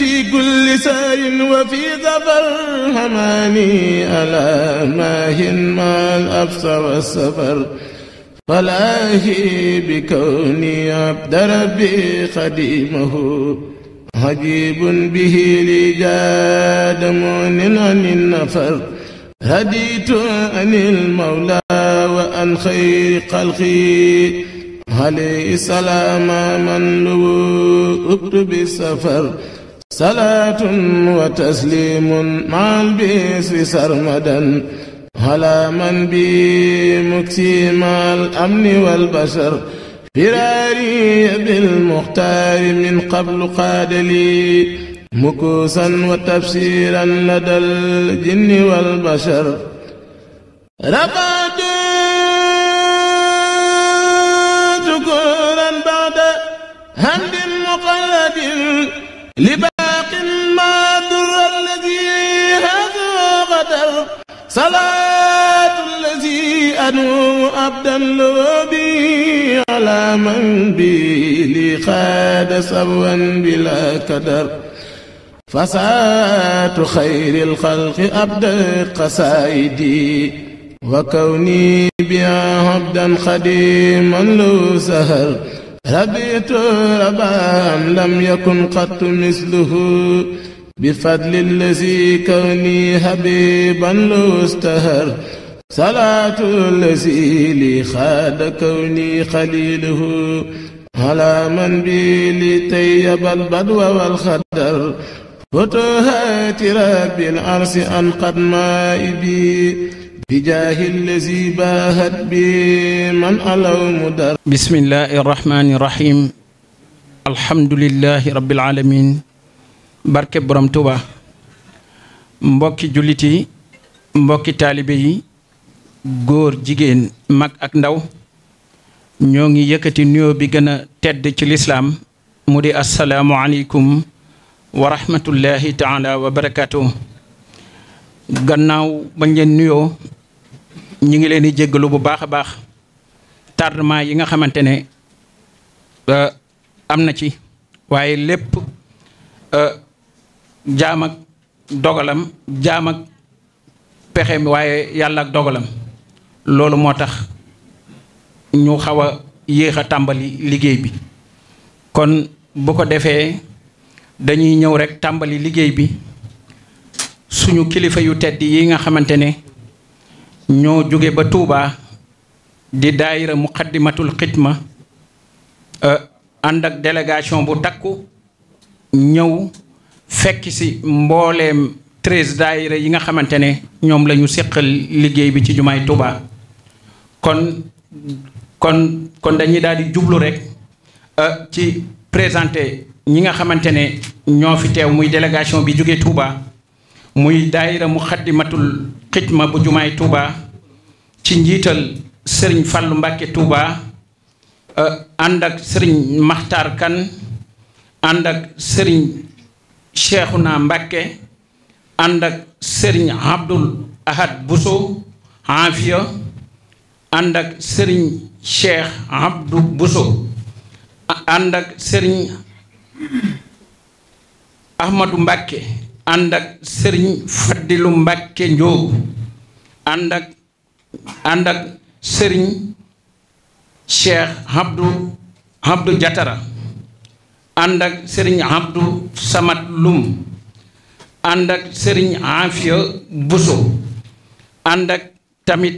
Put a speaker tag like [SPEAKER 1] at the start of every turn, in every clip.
[SPEAKER 1] في كل سير وفي ظفر هماني ألا ماهن ما الأبص والسفر فلاهي بكوني عبد ربي خديمه عجيب به لي جاد مؤن عن النفر هديت عن المولى وعن خير خلقي عليه السلام من لو اكتب السفر صلاة وتسليم مع البسر سرمدا على من بي مكسي مع الأمن والبشر فراري بالمختار من قبل قاد لي مكوسا وتفسيرا لدى الجن والبشر رقد شكورا بعد همد مقلد salaatu lazi anumu abdan lobi ala man bi li xaada sabwan bila kadar fasaatu xayril xalqi abda qasaayidi wa kawni biha abdan xadiman lu sahar rabitu rabaan lam yakun qattu misluhu بفضل الذي كوني حبيبا لو استهر صلاة الذي لي خاد كوني خليله على من بي لطيب البدو والخدر فتوهات رب العرس أن قد مائبي بجاه الذي باهت بي من ألو مدر
[SPEAKER 2] بسم الله الرحمن الرحيم الحمد لله رب العالمين barke borom Touba mbokki jullit yi mbokki taalibe yi góor jigéen mag ak ndaw ñoo ngi yëkkati nuyoo bi gën a tedd ci lislaam mu di assalaamu aleykum wa rahmatullahi taala wa barakaatu gannaaw ba leen nuyoo ñu ngi leen di jéggalu bu baax a baax tardement yi nga xamante ne euh, am na ci waaye lépp euh, jaam ak dogalam jaam ak pexeem waaye yàlla ak dogalam loolu moo tax ñu xaw a yéex a tàmbali liggéey bi kon bu ko defee dañuy ñëw rekk tàmbali liggéey bi suñu kilifa yu tedd yi nga xamante ne ñoo jóge ba Tuubaa di daayira muqaddimatul ma eh, ànd ak délégation bu takku ñëw fekk si mbooleem treize daayira yi nga xamante ne ñoom la ñu séqal liggéey bi ci jumaay Touba kon kon kon dañuy daal di jublu rek euh, ci présenté ñi nga xamante ne ñoo fi teew muy délégation bi jóge Touba muy daayira Muxaddamatul Xidma bu jumaay Touba ci njiital sëriñ Fallou Mbacke Touba euh, ànd ak sëriñ maxtar kan ànd ak Serigne Cheikhouna Mbacké ànd ak sëriñ Abdoul Ahad Bousso Afia ànd ak Serigne Cheikh Abdou Bousso ànd ak Serigne Ahmadou Mbacké ànd ak Serigne Fadilou Mbacké Ndiogou ànd ak ànd ak Serigne Cheikh Abdou Abdou Diatara ànd ak sëriñ Abdou Samad Lum ànd sëriñ Afia Bousso ànd tamit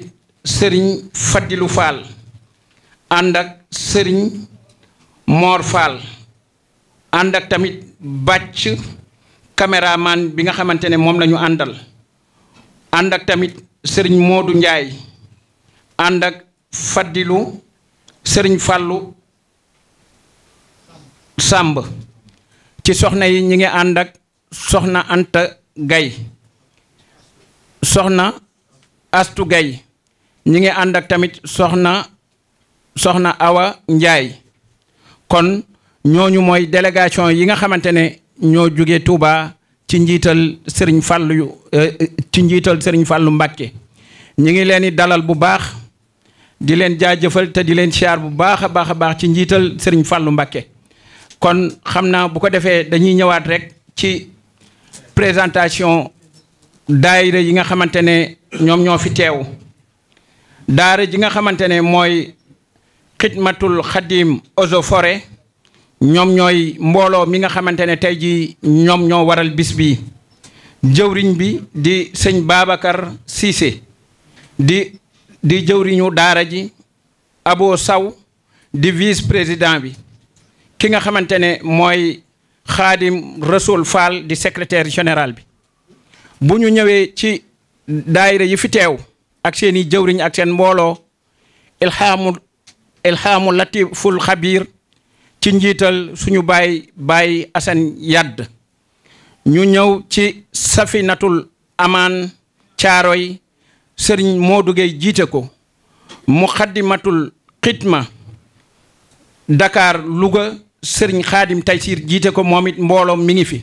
[SPEAKER 2] sëriñ Fadilou Fall ànd sëriñ Mor Fall ànd tamit bàcc caméraman bi nga xamante ne moom lañu ñu àndal ànd tamit sëriñ Modou Ndiaye ànd ak sëriñ Fallou Samb ci soxna yi ñi ngi ànd ak soxna Anta Gay soxna Astu Gay ñi ngi ànd ak tamit soxna soxna Awa Njaay kon ñooñu mooy délégation yi nga xamante ne ñoo jóge Touba ci njiital sëriñ fal yu euh, ci njiital sëriñ Fàllu Mbàkke ñi ngi leen di dalal bu baax di leen jaajëfal te di leen siyaar bu baax a baax baax ci njiital sëriñ Fàllu Mbàkke kon xam naa bu ko defee dañuy ñëwaat rek ci présentation daayira yi nga xamante ne ñoom ñoo fi teew daara ji nga xamante ne mooy xidmatul xadim eaux ñoom ñooy mbooloo mi nga xamante ne tey jii ñoom ñoo waral bis bi jëwriñ bi di sëñ Babacar Cissé di di jëwriñu daara ji Abo Saw di vice président bi ki nga xamante ne mooy xaadim Rasoul Fall di secretaire général bi bu ñu ñëwee ci daayira yi fi teew ak seen i jëwriñ ak seen mbooloo ilhaamu latiful xabiir ci njiital suñu baay baay Assane Yadd ñu ñëw ci safinatul amaan caaroy sëriñ Modou jiite ko muxaddimatul xidma Dakar Louga sëriñ xaadim taysiir jiite ko moomit it mbooloom mi ngi fi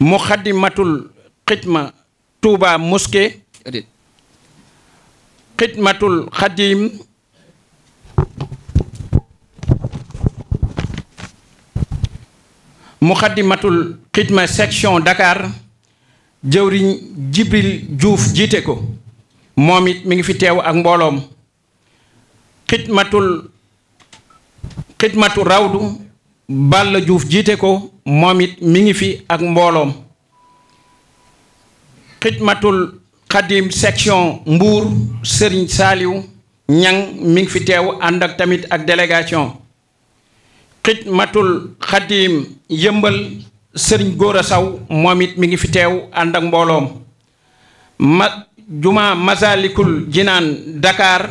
[SPEAKER 2] mu xaddimatul xidma tuuba moské xidmatul xadim mu xaddimatul xidma section Dakar jëwriñ Jibril Diouf jiite ko moom it mi ngi fi teew ak mbooloom xidmatul xidmatu rawdu Balla juuf jiite ko moom it mi ngi fi ak mbooloom xidmatul xadim section mbuur sëriñ Saliou Ñang mi ngi fi teew ànd ak tamit ak délégation xidmatul xadim yëmbal Serigne Gora Saw moom it mi ngi fi teew ànd ak mbooloom ma juma Jinaan Dakar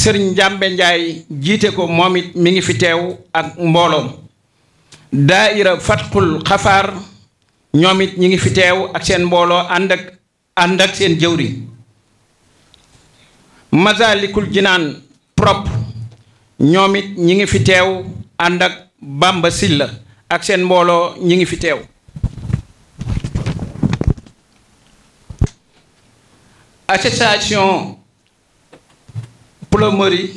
[SPEAKER 2] sëriñ Njàmbe Njaay jiite ko moom it mi ngi fi teew ak mbooloom daaira Fatxul Xafaar ñoom ñi ngi fi teew ak seen mbooloo ànd ak seen jëwri Masalikul Jinaan prop ñoomit it ñi ngi fi teew ànd ak Bamba Silla ak seen mbooloo ñi ngi fi teew plomberie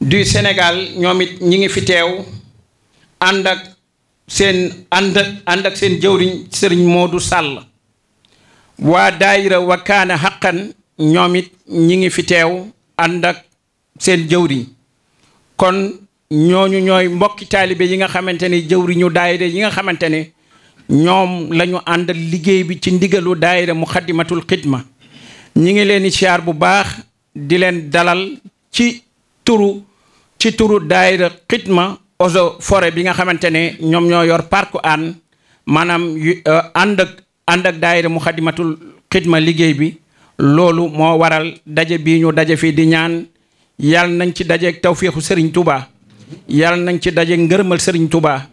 [SPEAKER 2] du senegal ñoom it ñi ngi fi teew ànd ak seen ànd ànd ak seen jëwriñ sëriñ moo du Sall waa daayira Wakana Haqqan ñoom it ñi ngi fi teew ànd ak seen jëwriñ kon ñooñu ñooy mbokki taalibe yi nga xamante ne jëwriñu daayira yi nga xamante ne ñoom la ànd liggéey bi ci ndigalu daayira Muxaddamatul Xidma ñi ngi leen di bu baax di leen dalal ci turu ci turu daayira xitma eaux fore bi nga xamante ne ñoom ñoo yor parc Hann maanaam euh, ànd ak ànd ak daayira Muxaddamatul Xidma liggéey bi loolu moo waral daje bii ñu daje fii di ñaan yal nañ ci dajeeg tawféexu Serigne Touba yal nañ ci dajeeg ngërëmal Serigne Touba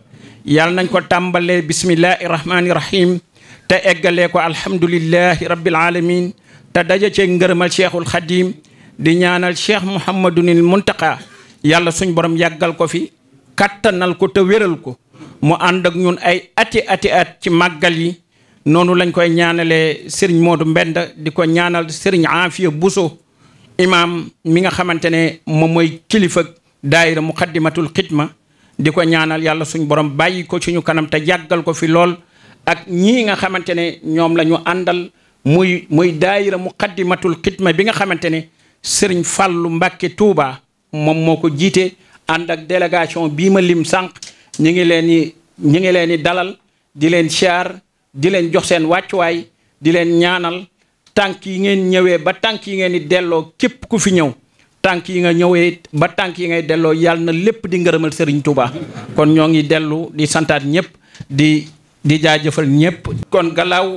[SPEAKER 2] yal nañ ko tàmbalee bismillahi rahmaani rahim te eggalee ko alhamdulillahi rabbil alamin te daje ceeg ngërëmal Cheikhul Khadim di ñaanal cheikh Mouhamadunil Muntaqa yàlla suñ borom yàggal ko fi kattanal ko te wéral ko mu ànd ak ñun ay ati ati at ci màggal yi noonu lañ koy ñaanalee Serigne Modou Mbend di ko ñaanal Serigne Afia Bousso imaam mi nga xamante ne moom mooy kilifa daayira muqaddimatul xidma di ko ñaanal yàlla suñ borom bàyyi ko suñu kanam te yàggal ko fi lool ak ñii nga xamante ne ñoom la ñu àndal muy muy daayira muqaddimatul xidma bi nga xamante ne sëriñ fàllu mbàkke Touba moom moo ko jiite ànd ak délégation bii ma lim sànq ñu ngi leen di ñu ngi leen di dalal di leen siyaar di leen jox seen wàccuwaay di leen ñaanal tànk yi ngeen ñëwee ba tànk yi ngeen di delloo képp ku fi ñëw tànk yi nga ñëwee ba tànk yi ngay delloo yàlla na lépp di ngërëmal sëriñ Touba kon ñoo ngi dellu di santaat ñëpp di di jaajëfal ñëpp. kon gannaaw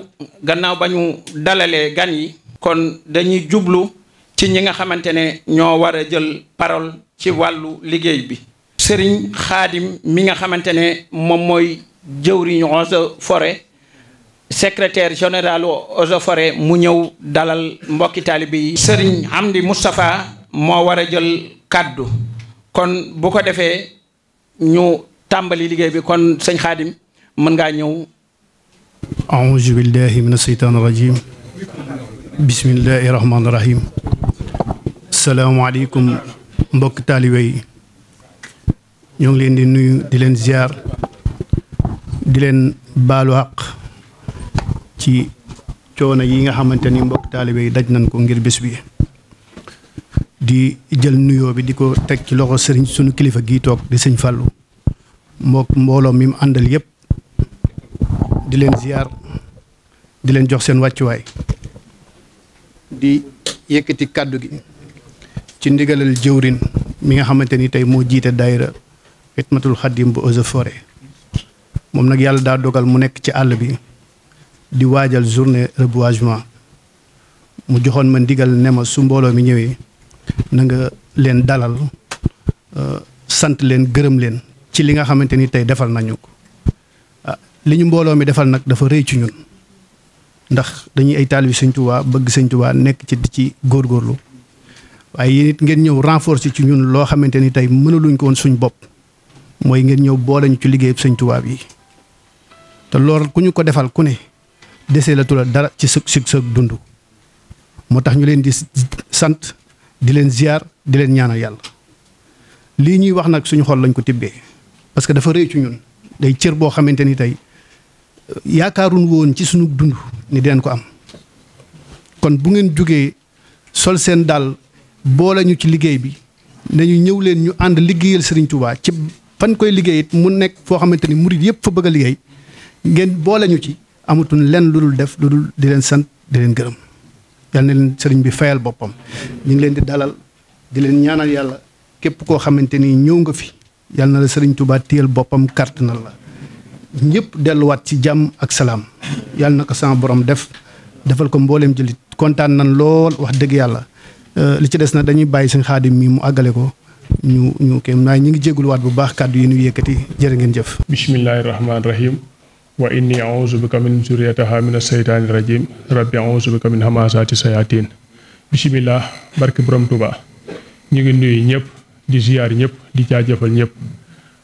[SPEAKER 2] gannaaw ba ñu dalalee gan yi. kon dañuy jublu. ci ñi nga xamante ne ñoo war a jël parole ci wàllu liggéey bi sëriñ xaadim mi nga xamante ne moom mooy jëwriñu eaux et forêts secrétaire général eaux mu ñëw dalal mbokki taalibe yi sëriñ Amdi Moustapha moo war a jël kàddu kon bu ko defee ñu tàmbali liggéey bi kon sëñ xaadim mën ngaa ñëw
[SPEAKER 3] aouzu billahi min asheytaan irajim asalaamaaleykum mbokk taalibe yi ñoo ngi leen di nuyu di leen ziar di leen baalu àq ci coono yi nga xamante ni mbokk taalibe yi daj nañ ko ngir bés bi di jël nuyoo bi di ko teg ci loxo sëriñ sunu kilifa gi toog di sëñ Fallou mbokk mbooloo mi mu àndal yépp di leen ziar di leen jox seen wàccuwaay di yëkkati kàddu gi ci ndigalal jëwrin mi nga xamante ni tey moo jiite daayira matul xadim bu eaux et forêt moom nag yàlla daa dogal mu nekk ci àll bi di waajal journée reboisement mu joxoon ma ndigal ne ma su mbooloo mi ñëwee na nga leen dalal euh, sant leen gërëm leen ci li nga xamante ni tey defal nañu ko ah, li ñu mbooloo mi defal nag dafa rëy ci ñun ndax dañuy ay taalibe Sëñ Tuubaa bëgg Sëñ Tuubaa nekk ci di ci góorgóorlu waaye yéen ngeen ñëw renforcer ci ñun loo xamante ni tey mënaluñ ko woon suñ bopp mooy ngeen ñëw boole ñu ci liggéeyub sëñ tubaab yi te loolu ku ñu ko defal ku ne desee la dara ci sëg sëg sëg dund moo tax ñu leen di sant di leen ziar di leen ñaanal yàlla lii ñuy wax nag suñu xol lañ ko tibbee parce que dafa rëy ci ñun day cër boo xamante ni tey yaakaarun ci suñu dund ni dinañ ko am kon bu ngeen jógee sol seen daal boole ñu ci liggéey bi nañu ñëw leen ñu ànd liggéeyal Serigne Touba ci fan koy liggéey it mu nekk foo xamante ni murid yëpp fa bëgg a liggéey ngeen boole ñu ci amatuñ lenn lu dul def lu dul di leen sant di leen gërëm yal na leen sëriñ bi fayal boppam ñu ngi leen di dalal di leen ñaanal yàlla képp koo xamante ni ñëw nga fi yal na la sëriñ Touba téyel boppam kàrt na la ñëpp delluwaat ci jàmm ak salaam yal na ko sama borom def defal ko mbooleem jëli kontaan nan lool wax dëgg yàlla Euh, li ci des na dañuy bàyyi seen xaadim mi mu àggale ko ñu ñu kenn ñu ngi jégaluwaat bu baax kàddu yi ñu yëkkati jërë ngeen jëf. bismillahi rahmaani
[SPEAKER 4] rahim. wa inni auzu bika min zurriyataha min aseytaani rajim rabbi auzu bika min hamazaati sayatin bismillah barki borom tubaa ñu ngi nuyu ñëpp di ziyaar ñëpp di jaajëfal ñëpp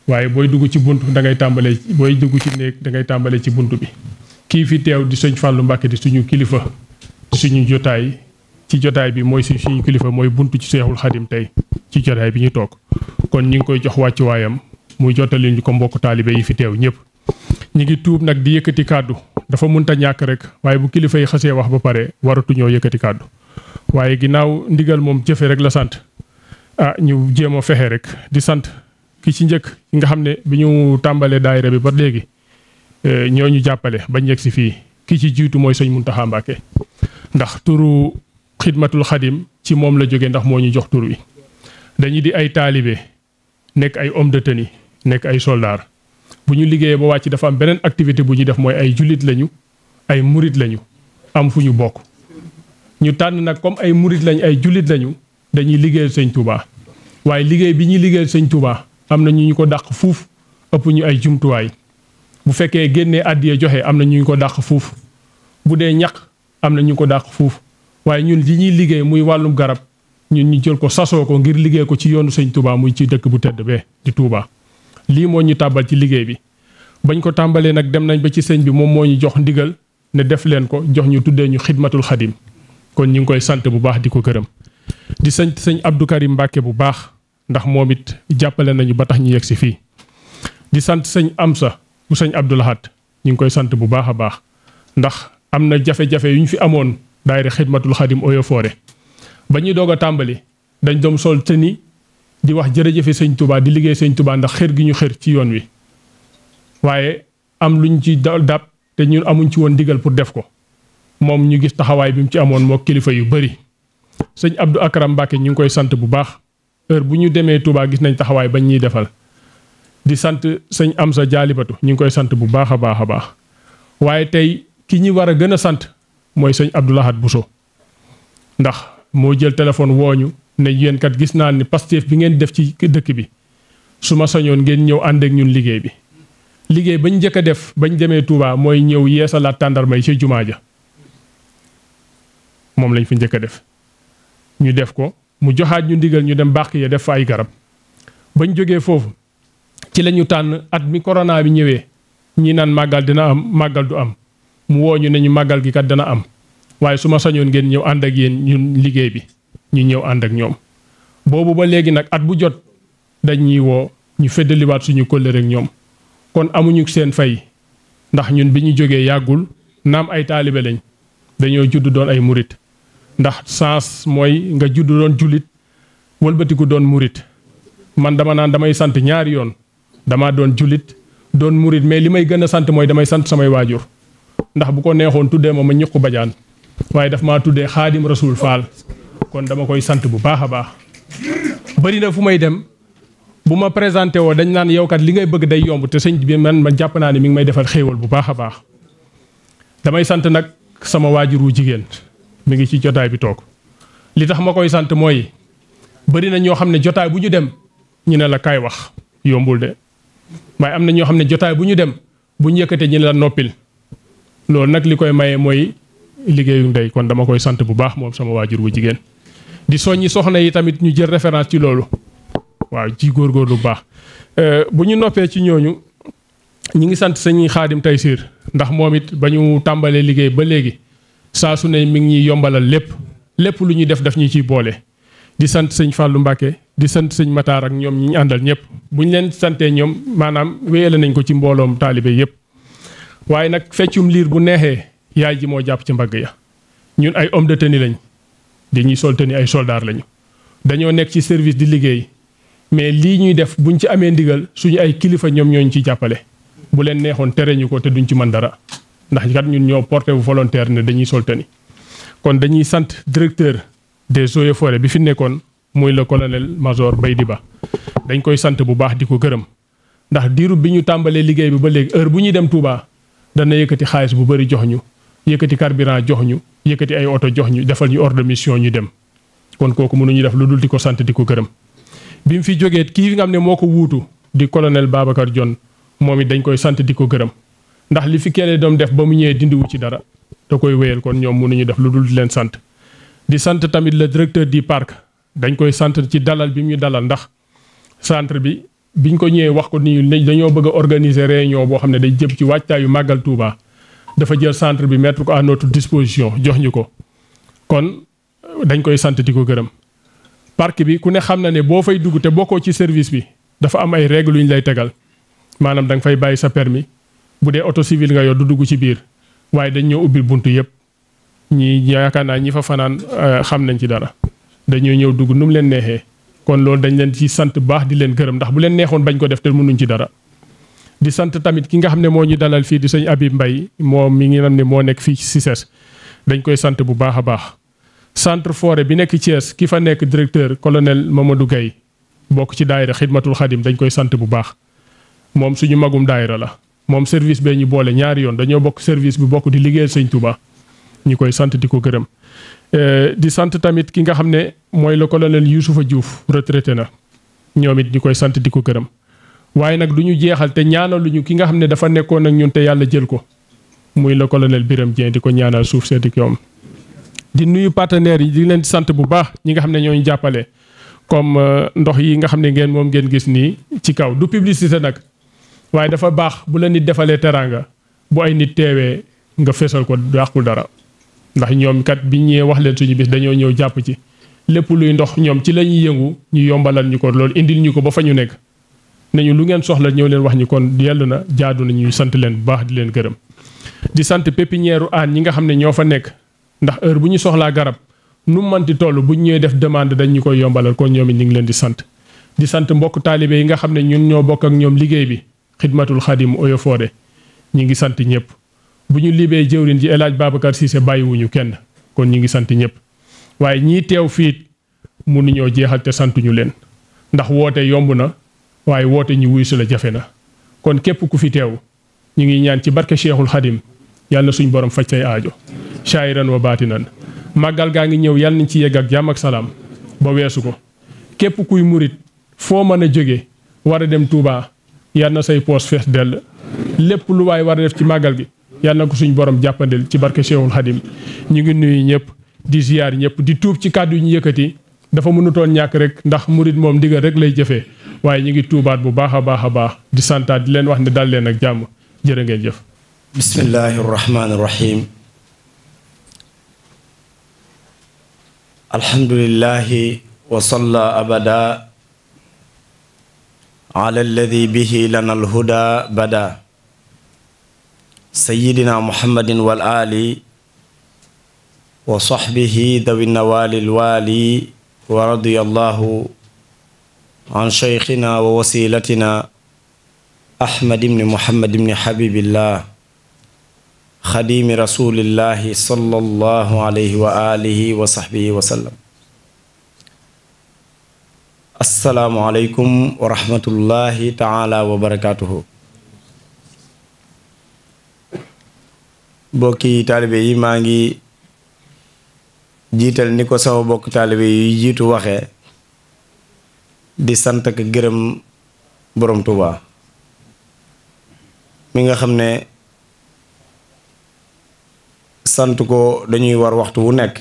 [SPEAKER 4] waaye booy dugg ci bunt da ngay tàmbalee booy dugg ci néeg dangay ngay tàmbalee ci bunt bi kii fi teew di sëñ Fàllu Mbàkke di suñu kilifa suñu jotaay ci jotaay bi mooy suñ suñu kilifa mooy bunt ci seexul xadim tey ci jotaay bi ñu toog kon ñu ngi koy jox wàccuwaayam muy jottali ñu ko mbokk taalibe yi fi teew ñëpp ñu ngi tuub nag di yëkkati kàddu dafa mënta ñàkk rek waaye bu kilifa yi xasee wax ba pare waratuñoo yëkkati kàddu waaye ginnaaw ndigal moom jëfe rek la sant ah ñu jéem a fexe rek di sant ki ci njëkk ki nga xam ne bi ñu tàmbalee daayira bi ba léegi eh, ñoo ñu jàppale bañ yegg si fii ki ci jiitu mooy sëñ Muntaxa Mbàkke ndax xidmatul xadim ci moom la jóge ndax moo ñu jox tur wi dañu di ay taalibe nekk ay homme de tenue nekk ay soldat bu ñu liggéeyee ba wàcc dafa am beneen activité bu ñuy def mooy ay jullit lañu ay murit lañu am fu ñu bokk ñu tànn nag comme ay murit lañ ay jullit lañu dañuy liggéeyal sëñ Touba waaye liggéey bi ñuy liggéeyal sëñ Touba am na ñu ñu ko dàq fuuf ëpp ñu ay jumtuwaay bu fekkee génnee àddiyee joxe am na ñu ñu ko dàq fuuf bu dee ñax am na ñu ko dàq fuuf waaye ñun li ñuy liggéey muy wàllum garab ñun ñu jël ko sasoo ko ngir liggéey ko ci yoonu sëñ Touba muy ci dëkk bu tedd bee di Touba. lii moo ñu tàbbal ci liggéey bi bañ ko tàmbalee nag dem nañ ba ci sëñ bi moom moo ñu jox ndigal ne def leen ko jox ñu tuddee ñu xidmatul xadim kon ñu ngi koy sant bu baax di ko këram di sant sëñ Abdou Karim bu baax ndax moom it jàppale nañu ba tax ñu yegg si fii di sant sëñ Amsa bu sëñ Abdou ñu ngi koy sant bu baax a baax ndax am na jafe yu ñu fi amoon daayira xidmatul xadim Eaux et ba ñuy doog a tàmbali dañ doom sol te ni di wax jërëjëfe sëñ tubaa di liggéey sëñ tubaa ndax xër gi ñu xër ci yoon wi waaye am luñ ci dab te ñun amuñ ci woon digal pour def ko moom ñu gis taxawaay bi mu ci amoon moo kilifa yu bëri sëñ Abdou Akram Mbacke ñu ngi koy sant bu baax heure bu ñu demee Touba gis nañ taxawaay bañ ñuy defal di sant sëñ sa Jaalibatu ñu ngi koy sant bu baax a baax a baax waaye tey ki ñi war a gën a sant mooy sëñ Abdoul Ahad Bousso ndax moo jël téléphone wooñu ne yéen kat gis naa ni Pastef bi ngeen def ci dëkk bi su ma sañoon ngeen ñëw ànd ñun liggéey bi liggéey bañ njëkk a def bañ demee Touba mooy ñëw yeesalaat tàndarma yi ci jumaa ja moom lañ fi njëkk a def ñu def ko mu joxaat ñu ndigal ñu dem bàq ya def fa ay garab bañ jógee foofu ci lañu tànn at mi corona bi ñëwee ñi naan màggal dina am màggal du am mu wooñu ñu ñu màggal gi kat dana am waaye su ma sañoon ngeen ñëw ànd ak yéen ñun liggéey bi ñu ñëw ànd ak ñoom. boobu ba léegi nag at bu jot dañuy woo ñu feddaliwaat suñu kóllëre ak ñoom kon amuñu seen fay ndax ñun bi ñu jógee yàggul naam ay taalibe lañ dañoo judd doon ay murit ndax sens mooy nga judd doon jullit wëlbatiku doon murit man dama naan damay sant ñaari yoon dama doon jullit doon murit mais li may gën a sant mooy damay sant samay waajur. ndax bu ko neexoon tuddee ma ma ñëkku bajaan waaye daf maa tuddee xaadim rasul faal kon dama koy sant bu baax a baax. bëri na fu may dem bu ma présenté woo dañ naan yow kat li ngay bëgg day yomb te sëñ bi man ma jàpp naa ne mi ngi may defal xéewal bu baax a baax damay sant nag sama waajuru jigéen mi ngi ci jotaay bi toog li tax ma koy sant mooy bëri na ñoo xam ne jotaay bu ñu dem ñu ne la kaay wax yombul de waaye am na ñoo xam ne jotaay bu ñu dem bu ñu yëkkatee ñu ne noppil. loolu nag li koy maye mooy liggéeyu ndey kon dama koy sant bu baax moom sama waajur bu jigéen di soññi soxna yi tamit ñu jël référence ci loolu waaw ci góor góorgóorlu bu baax euh, bu ñu noppee ci ñooñu ñi ngi sant sëñ Xaadim Taysiir ndax moom it ba ñu tàmbalee liggéey ba léegi saa su ne mi ngi ñuy yombalal lépp lépp lu ñuy def daf ñu ciy boole. di sant sëñ fàllu Mbacke di sant sëñ mataar ak ñoom ñi àndal ñëpp bu ñu leen santee ñoom maanaam wéyale nañ ko ci m taalibe yëpp. waaye nag feccum liir bu neexee yaay ji moo jàpp ci mbagg ya ñun ay homme de tenue lañ dañuy sol ay soldaar lañu dañoo nekk ci service di liggéey mais lii ñuy def buñ ci amee ndigal suñu ay kilifa ñoom ñooñu ci jàppale bu leen neexoon tere ñu ko te duñ ci mën dara ndax kat ñun ñoo porté bu volontaire ne dañuy sol kon dañuy sant directeur des eaux et bi fi nekkoon muy le colonel major Baydi Ba dañ koy sant bu baax di ko gërëm ndax diiru bi ñu tàmbalee liggéey bi ba léegi heure bu ñuy dem Touba dana yëkkati xaalis bu bëri jox ñu yëkkati carburant jox ñu yëkkati ay oto jox ñu defal ñu ordre mission ñu dem kon kooku mënuñu def lu dul di ko sant di ko gërëm. bi mu fi jógee kii nga xam ne moo ko wuutu di colonel Babacar Dione moom it dañ koy sant di ko gërëm ndax li fi kenn doom def ba mu ñëwee dindiwu ci dara da koy wéyal kon ñoom mënuñu def lu dul di leen sant. di sant tamit la directeur di parc dañ koy sant ci dalal bi muy dalal ndax centre bi. biñ ko ñëwee wax ko nii dañoo bëgg a organiser boo xam ne day jëm ci waajtaayu màggal Touba dafa jël centre bi mettre ko à notre disposition jox ñu ko kon dañ koy sant di ko gërëm. parc bi ku ne xam na ne boo fay dugg te bokkoo ci service bi dafa am ay règles yu ñu lay tegal maanaam danga fay bàyyi sa permis bu dee oto civil nga yor du dugg ci biir waaye dañ ñoo ubbil bunt yëpp ñi yaakaar naa ñi fa fanaan euh, xam nañ ci dara dañoo ñëw dugg nu leen neexee. kon loolu dañu leen ci sant baax di leen gërëm ndax bu leen neexoon bañ ko def te mënuñ ci dara di sant tamit ki nga xam ne moo ñu dalal fii di sëñ abi mbay moom mi ngi xam ne moo nekk fii ci CICES dañ koy sant bu baax a baax centre forêt bi nekk Thiès ki fa nekk directeur colonel Mamadou Gaye bokk ci daayira xidmatul xadim dañ koy sant bu baax moom suñu magum daayira la moom service bee ñu boole ñaari yoon dañoo bokk service bi bokk di liggéeyal sëñ Touba ñu koy sant di ko gërëm Euh, di sant tamit ki nga xam ne mooy le colonel Youssoufa Diouf retraité na ñoom it ñu koy sant di ko këram waaye nag du ñu jeexal te ñaanaluñu ki nga xam ne dafa nekkoon ak ñun te yàlla jël ko muy le colonel Birame Dieng di ko ñaanal suuf seeti koom di nuyu partenaires yi di leen sant bu baax ñi nga xam ne ñoo ñu jàppale comme euh, ndox yi nga xam ne ngeen moom ngeen gis nii ci kaw du publicité nag waaye dafa baax bu la nit defalee teraanga bu ay nit teewee nga fesal ko dàqul dara. ndax ñoom kat bi ñëwee wax leen suñu bis dañoo ñëw jàpp ci lépp luy ndox ñoom ci la ñuy yëngu ñu yombalal ñu ko loolu indil ñu ko ba fa ñu nekk nañu lu ngeen soxla ñëw leen wax ñu kon yell na jaadu na ñuy sant leen bu baax di leen gërëm di sant pépinière aan ñi nga xam ne ñoo fa nekk ndax heure bu ñu soxlaa garab nu manti toll bu ñu ñëwee def demande dañ ñu koy yombalal kon ñoom it ñu ngi leen di sant di sant mbokk taalibe yi nga xam ne ñun ñoo bokk ak ñoom liggéey bi xidmatul xadim Oyo Fodé ñi ngi sant ñëpp bu ñu libee jëwrin ji El Hadj Babacar Cissé bàyyiwuñu kenn kon ñu ngi sant ñëpp waaye ñii teew fiit fii mënuñoo jeexal te santuñu leen ndax woote yomb na waaye woote ñu wuyu la jafe na kon képp ku fi teew ñu ngi ñaan ci barke Cheikhul Khadim yàlla na suñ borom faj say aajo shaayiran wa baatinan màggal gaa ngi ñëw yàlla nañ ci yegg ak jàmm ak salaam ba weesu ko képp kuy murit foo mën a jóge war a dem Touba yàlla na say poos fees dell lépp lu waay war a ci màggal gi yàlla na ko suñ boroom jàppandil ci barke Cheikhul Khadim ñu ngi nuyu ñëpp di ziar ñëpp di tuub ci kàddu yi ñu yëkkati dafa mënutoon ñàkk rek ndax murit moom ndigal rek lay jëfee waaye ñu ngi tuubaat bu baax a baax a baax di santaat di leen wax ne dal leen ak jàmm jërë ngeen jëf.
[SPEAKER 5] bismillahi rahmaani rahim. alhamdulillahi wa salla abada ala alladi bihi lana alhuda bada sayidina muhammadin wal aali wa saxbihi dawi nawaalil waali wa radiyallahu an cheykhina wa wasilatina ahmad ibni muhammad ibni habibillah xadimi rasulillahi sallallahu alayhi wa alihi wa saxbihi wa sallam assalaamu aleykum wa rahmatullahi taala wa barakatuhu bokki taalibe yi maa ngi jiital ni ko sama bokk taalibe yi jiitu waxe di sant ak gërëm borom Tuubaa mi nga xam ne sant ko dañuy war waxtu wu nekk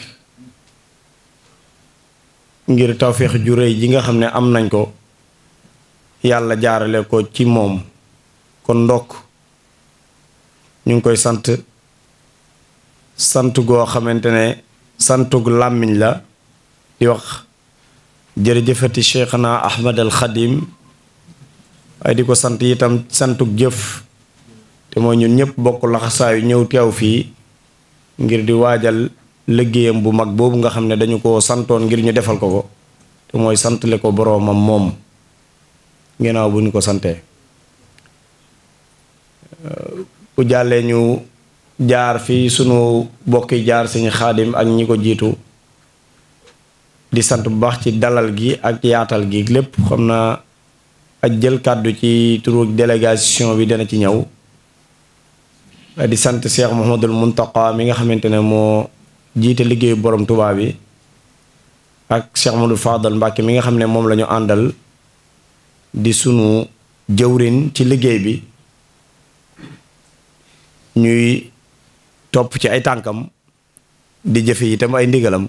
[SPEAKER 5] ngir tawféex ju rëy ji nga xam ne am nañ ko yàlla jaarale ko ci moom kon ndokk ñu ngi koy sant sant goo xamante ne santug làmmiñ la di wax jërëjëfati cheikhna ahmad al xadim waaye di ko sant itam santug jëf te mooy ñun ñëpp bokk laxasaayu ñëw teew fii ngir di waajal liggéeyam bu mag boobu nga xam ne dañu ko santoon ngir ñu defal ko ko te mooy santale ko boroomam moom ginnaaw bu ñu ko santee bu ñu jaar fii sunu bokki jaar sëñ xaadim ak ñi ko jiitu di sant bu baax ci dalal gi ak yaatal gi lépp xam naa ak jël kàddu ci turu délégation bi dana ci ñëw di sant Cheikh Mouhamadul Mountakha mi nga xamante ne moo jiite liggéey borom tubaab yi ak Cheikh Mouhamadou Fadal Mbacke mi nga xam ne moom la àndal di sunu jëwrin ci liggéey bi ñuy topp ci ay tànkam di jëfe yitam ay ndigalam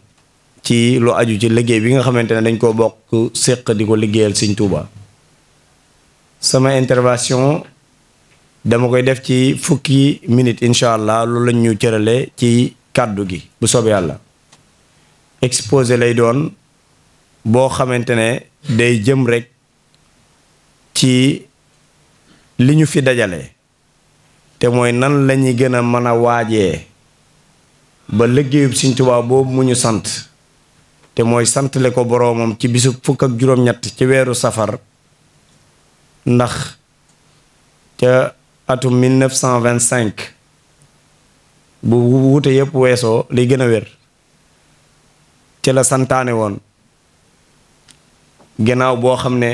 [SPEAKER 5] ci lu aju ci liggéey bi nga xamante ne dañ koo bokk séq di ko liggéeyal Sëñ Tuuba sama intervention dama koy def ci fukki minute incha allah loolu lañ ñu cërale ci kàddu gi bu soobee àlla exposé lay doon boo xamante ne day jëm rek ci li ñu fi dajale te mooy nan lañuy gën a mën a waajee ba liggéeyub Sëriñ Tuubaa boobu mu ñu sant te mooy santale ko boroomam ci bisub fukk ak juróom-ñett ci weeru safar ndax ca atum 1925 bu wute yëpp weesoo li gën a wér ci la santaane woon gannaaw boo xam ne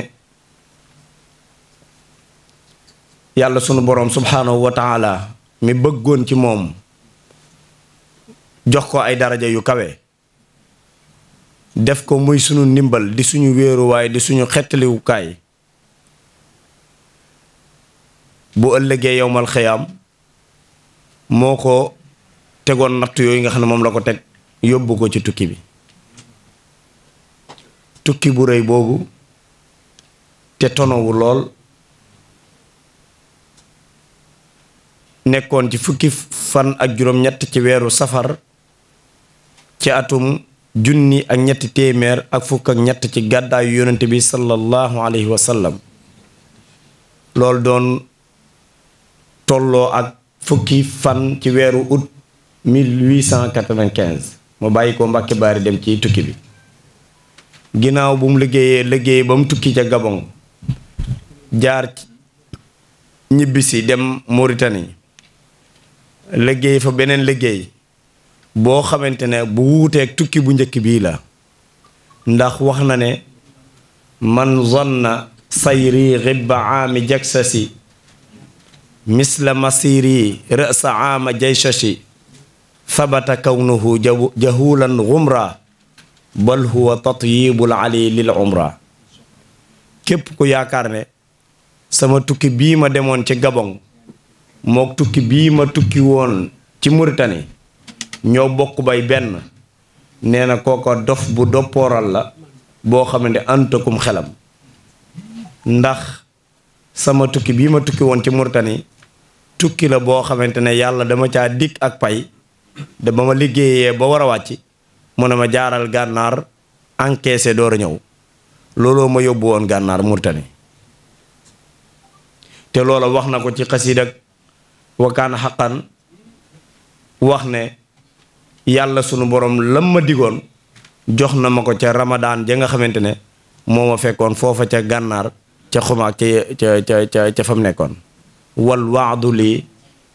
[SPEAKER 5] yàlla sunu boroom subhaanahu wa taala mi bëggoon ci moom jox ko ay daraja yu kawe def ko muy sunu ndimbal di suñu wéeruwaay di suñu xettaliwukaay bu ëllëgee yowmal xiyaam moo ko tegoon natt yooyu nga xam ne moom la ko teg yóbbu ko ci tukki bi tukki bu rëy boobu te tonowu lool nekkoon ci fukki fan ak juróom-ñett ci weeru safar ci atum junni ak ñetti téeméer ak fukk ñett ci gàddaayu yonent bi sallallahu alayhi wa sallam loolu doon tolloo ak fukki fan ci weeru août 1895 mu bàyyi ko Mbàkke Baari dem ci tukki bi ginnaaw bu mu liggéeyee liggéey ba mu tukki ca Gabon jaar ñibbisi dem Mauritanie liggéey fa beneen liggéey boo xamante ne bu wuuteeg tukki bu njëkk bii la ndax wax na ne man zanna sayri ribba aami jagsasi misla masiri rësa aama jaysasi sabata kawnuhu jahulan gumra bal huwa tatyibul ali lil umra képp ku yaakaar ne sama tukki bii ma demoon ci Gabon mook tukki bii ma tukki woon ci murtani ñoo bokk bay benn nee na kooko dof bu doppooral la boo xamante antakum xelam ndax sama tukki bii ma tukki woon ci murtani tukki la boo xamante ne yàlla dama caa dikk ak pay da ba ma liggéeyee ba war a wàcc mu ne ma jaaral gànnaar encaissé door a ñëw looloo ma yóbbu woon gànnaar Mauritanie te loola wax na ko ci xasiid wa kaana xaqan wax ne yàlla sunu boroom lam ma digoon jox na ma ko ca ramadaan ja nga xamante ne moo ma fekkoon foofa ca gànnaar ca xumaag ca ca ca ca nekkoon wal waadu lii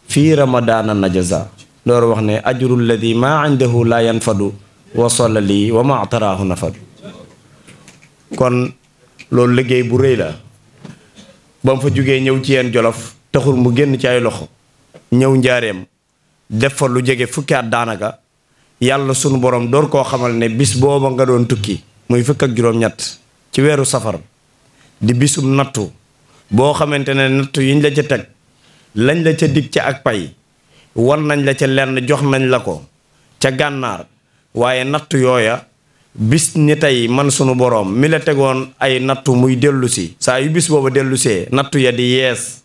[SPEAKER 5] fii ramadaana najaza loolu wax ne ajru alladi maa indahu laa yanfadu wa sola lii wa ma ataraahu nafadu kon loolu liggéey bu rëy la ba mu fa jógee ñëw ci yeen jolof taxul mu génn ci ay loxo ñëw njaareem def fa lu jege fukki at daanaka yàlla sunu borom door koo xamal ne bis booba nga doon tukki muy fukk ak juróom-ñett ci weeru safar di bisum nattu boo xamante ne nattu yiñ la ca teg lañ la ca dig ca ak pay war nañ la ca lenn jox nañ la ko ca gànnaar waaye nattu yooya bis ni tey man sunu borom mi la tegoon ay nattu muy dellu si saa yu bis booba dellusee nattu ya di yees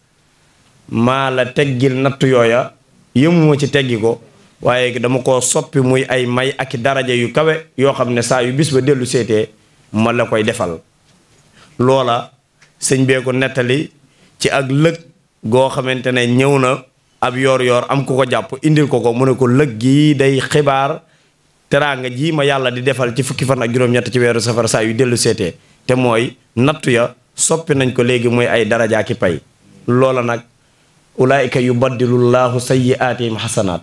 [SPEAKER 5] maa la teggil nattu yooya yëmuma ci teggi ko waaye dama ko soppi muy ay may ak daraja yu kawe yoo xam ne saa yu bis ba dellu seetee ma la koy defal loola sëñ bee ko nettali ci ak lëg goo xamante ne ñëw na ab yoor-yoor am ku ko jàpp indil ko ko mu ne ko lëg gii day xibaar teraanga jii ma yàlla di defal ci fukki fan ak juróom-ñett ci weeru safar saa yu dellu seete te mooy nattu ya soppi nañ ko léegi muy ay daraja ki pay loola nag ulaayika yubaddilu llaahu sayyi'aatihim xasanaat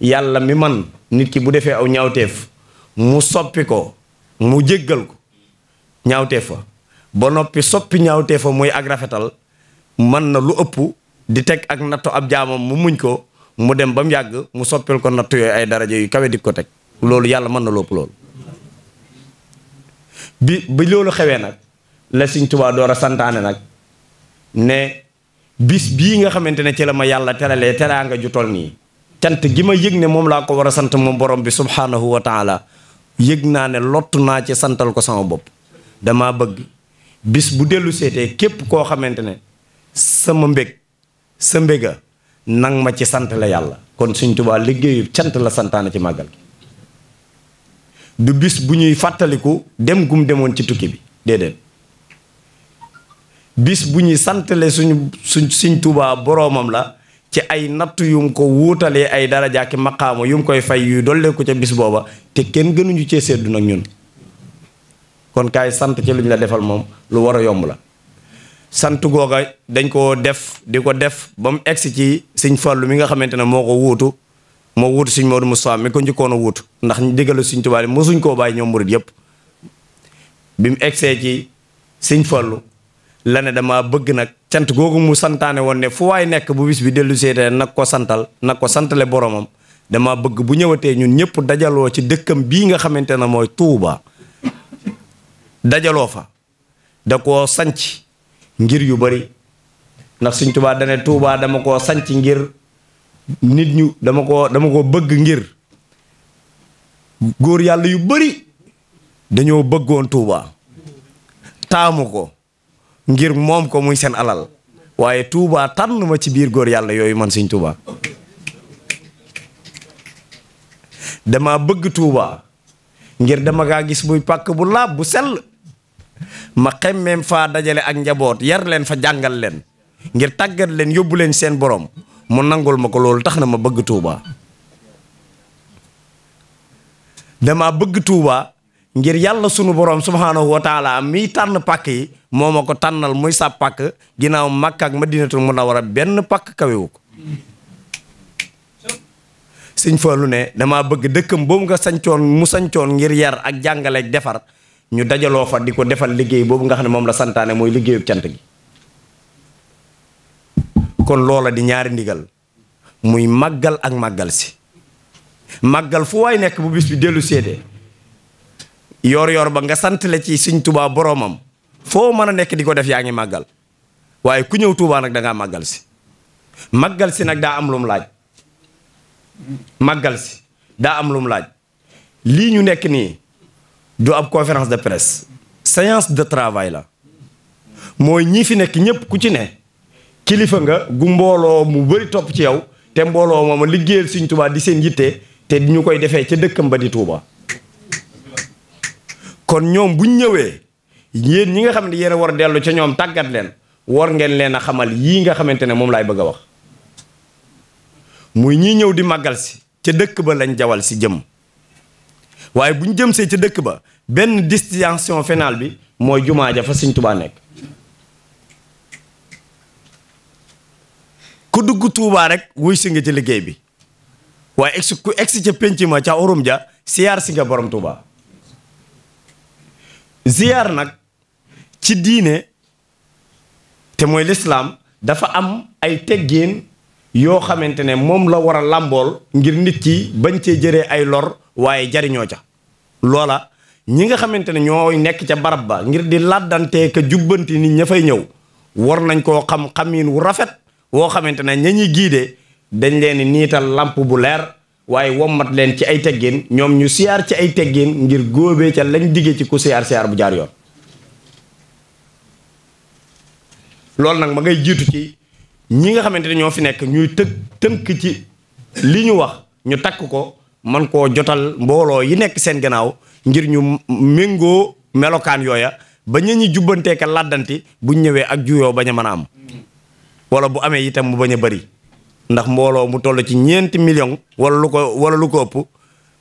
[SPEAKER 5] yàlla mi man nit ki bu defee aw ñaawteef mu soppi ko mu jéggal ko ñaawteef fa ba noppi soppi ñaawteef fa muy ak rafetal man na lu ëpp di teg ak nattu ab jaamam mu muñ ko mu dem ba mu yàgg mu soppil ko nattu yooyu ay daraja yu kawe di ko teg loolu yàlla mën na lu ëpp loolu bi bi loolu xewee nag la Sëriñ Tuubaa door a santaane nag ne bis bii nga xamante ne ci la ma yàlla teralee teraanga ju tol nii cant gi ma yëg ne moom laa ko war a sant moom borom bi subhaanahu wa taala yëg naa ne lottu naa ci santal ko sama bopp dama bëgg bis bu dellu seetee képp koo xamante ne sama mbég sa mbéga nag ma ci sant la yàlla kon suñ tubaa liggéeyu cant la santaane ci màggal gi du bis bu ñuy fàttaliku dem gum demoon ci tukki bi déedéet bis bu ñuy santale suñu suñ suñ tubaa boroomam la ci ay natt yum ko wuutalee ay darajaaki maqaama yum koy fay yuy dollee ko ca bis booba te kenn gënuñu cee seddu nag ñun kon kaay sant ci lu ñu la defal moom lu war a yomb la sant googa dañ koo def di ko def ba mu egsi ci sëñ Fallu mi nga xamante ne moo ko wuutu moo wuutu sëñ Moodu Mustafaa mi ko njëkkoon a wuutu ndax diggalu sëñ Tuubaa mosuñ koo bàyyi ñoom murit yépp bi mu egsee ci sëñ Fallu la ne dama bëgg nag cant googu mu santaane woon ne fu waay nekk bu bis bi dellu seetee nag ko santal nag ko santale boromam dama bëgg bu ñëwatee ñun ñëpp dajaloo ci dëkkam bii nga xamante ne mooy Touba dajaloo fa da koo sanc ngir yu bari ndax Sëñ Tuubaa dama ko sanc ngir nit ñu dama ko dama ko bëgg ngir góor yàlla yu bari dañoo bëgg woon tuubaa taamu ko ngir moom ko muy seen alal waaye tuubaa tànn ma ci biir góor yàlla yooyu man sëñ Touba dama bëgg tuubaa ngir dama gaa gis muy pàkk bu laab bu sell ma xemmeem faa dajale ak njaboot yar leen fa jàngal leen ngir tàggat leen yóbbu leen seen boroom mu nangul ma ko loolu tax na ma bëgg Touba dama bëgg Touba ngir yàlla sunu borom subhaanahu wa taala miy tànn pàkk yi moo ma ko tànnal muy sa pàkk ginnaaw Makka ak Madinatul Munawwara benn pàkk kawewu ko sëñ Fallou ne damaa bëgg dëkkam boobu nga sancoon mu sancoon ngir yar ak jàngaleek defar ñu dajaloo fa di ko defal liggéey boobu nga xam ne moom la santaane mooy liggéeyu cant gi kon loola di ñaari ndigal muy màggal ak màggal si màggal fu waay nekk bu bis bi dellu seede yoor yor ba nga sant la ci Sëñ Tuubaa boroomam foo mën a nekk di ko def yaa ngi màggal waaye ku ñëw Tuubaa nag dangaa ngaa màggal si màggal si nag daa am lum laaj màggal si daa am lum laaj lii ñu nekk nii du ab conférence de presse séance de travail la mooy ñii fi nekk ñëpp ku ci ne kilifa nga gu mbooloo mu bëri topp ci yow te mbooloo moom mooma liggéeyal suñ Tuubaa di seen yitte te ñu koy defee ca dëkkam ba di Tuubaa kon ñoom buñ ñëwee yéen ñi nga xam ne yéen a dellu ca ñoom tàggat leen war ngeen leen a xamal yii nga xamante ne moom laay bëgg a wax muy ñii ñëw di màggal si ca dëkk ba lañ jawal si jëm waaye bu ñu jëm see ca dëkk ba benn destination finale bi mooy jumaa ja fa Sëñ Tuubaa nekk ku dugg Tuubaa rek wuy si nga ci liggéey bi waaye egsi ku egsi ca pénc ma ca urum ja siyaar si nga borom Tuubaa ziyaar nag ci diine te mooy lislaam dafa am ay teggin yoo xamante ne moom la war a làmbool ngir nit ki bañ cee jëree ay lor waaye jariñoo ca loola ñi nga xamante ne ñooy nekk ca barab ngir di làddantee ka jubbanti ni ña fay ñëw war nañ koo xam xamin wu rafet woo xamante ne ña ñuy giidee dañ leen niital làmp bu leer waaye wommat leen ci ay teggin ñoom ñu siyaar ci ay teggin ngir góobee ca lañ diggee ci ku siyaar siyaar bu jaar yoon loolu nag ba ngay jiitu ci ñi nga xamante ne ñoo fi nekk ñuy tëg tënk ci li ñu wax ñu takk ko man koo jotal mbooloo yi nekk seen gannaaw ngir ñu méngoo melokaan yooya ba ñu ñi jubbanteeka làddanti buñ ñëwee ak juyoo bañ a mën a am wala bu amee itam mu bañ a bëri ndax mbooloo mu toll ci ñeenti million wala lu ko wala lu ko ëpp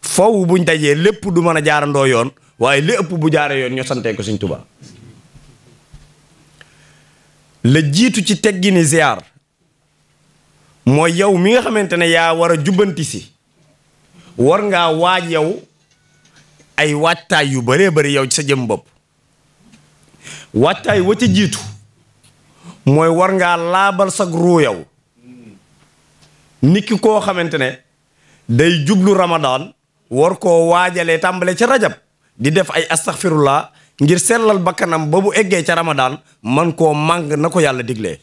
[SPEAKER 5] faw buñ dajee lépp du mën a jaarandoo yoon waaye li bu jaaree yoon ñu santee ko Sëñ la jiitu ci teggini ziar mooy yow mi nga xamante ne yaa war a jubbanti si war ngaa waaj yow ay waajtaay yu bëree bëri yow ci sa jëm bopp waajtaay wa jiitu mooy war ngaa laabal sag ruu yow niki koo xamante ne day jublu ramadaan war koo waajalee tàmbale ca rajab di def ay astaghfirullah ngir sellal bakkanam ba bu eggee ca ramadaan man koo màng na ko yàlla diglee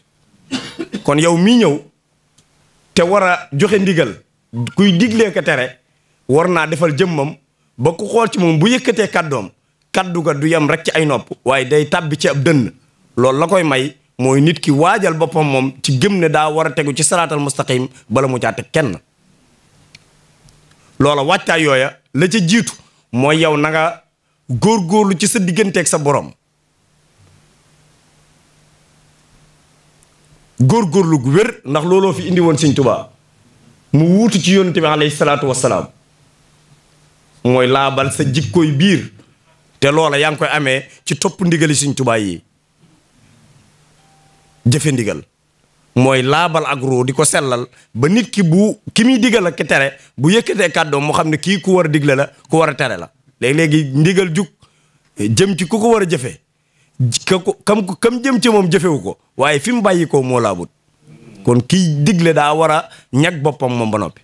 [SPEAKER 5] kon yow mi ñëw te war a joxe ndigal kuy diglee ko tere war naa defal jëmmam ba ku xool ci moom bu yëkkatee kàddoom kaddu ga du yem rek ci ay nopp waaye day tàbbi ci ab dënn loolu la koy may mooy nit ki waajal boppam moom ci gëm ne daa war a tegu ci saraatal mustaqim bala mu caa kenn loola waajtaay yooya la ca jiitu mooy yow na góor góorlu ci sa digganteeg sa borom góorgóorlu gu wér ndax looloo fi indi woon Sëñ mu wuutu ci yonent bi alayhi salaatu wasalaam mooy laabal sa jikkooy biir te loola yaa ngi koy amee ci topp ndigali Sëñ Tuubaa yi jëfe ndigal mooy laabal ak ruu di ko sellal ba nit ki bu ki muy digal ak ki tere bu yëkkatee kàddoom moo xam ne kii ku war a digle la ko war a tere la léegi-léegi ndigal jug jëm ci ku ko war a jëfe ka kam kam jëm ci moom jëfewu ko waaye fi mu bàyyi ko moo laabut kon kii digle daa war a ñag boppam moom ba noppi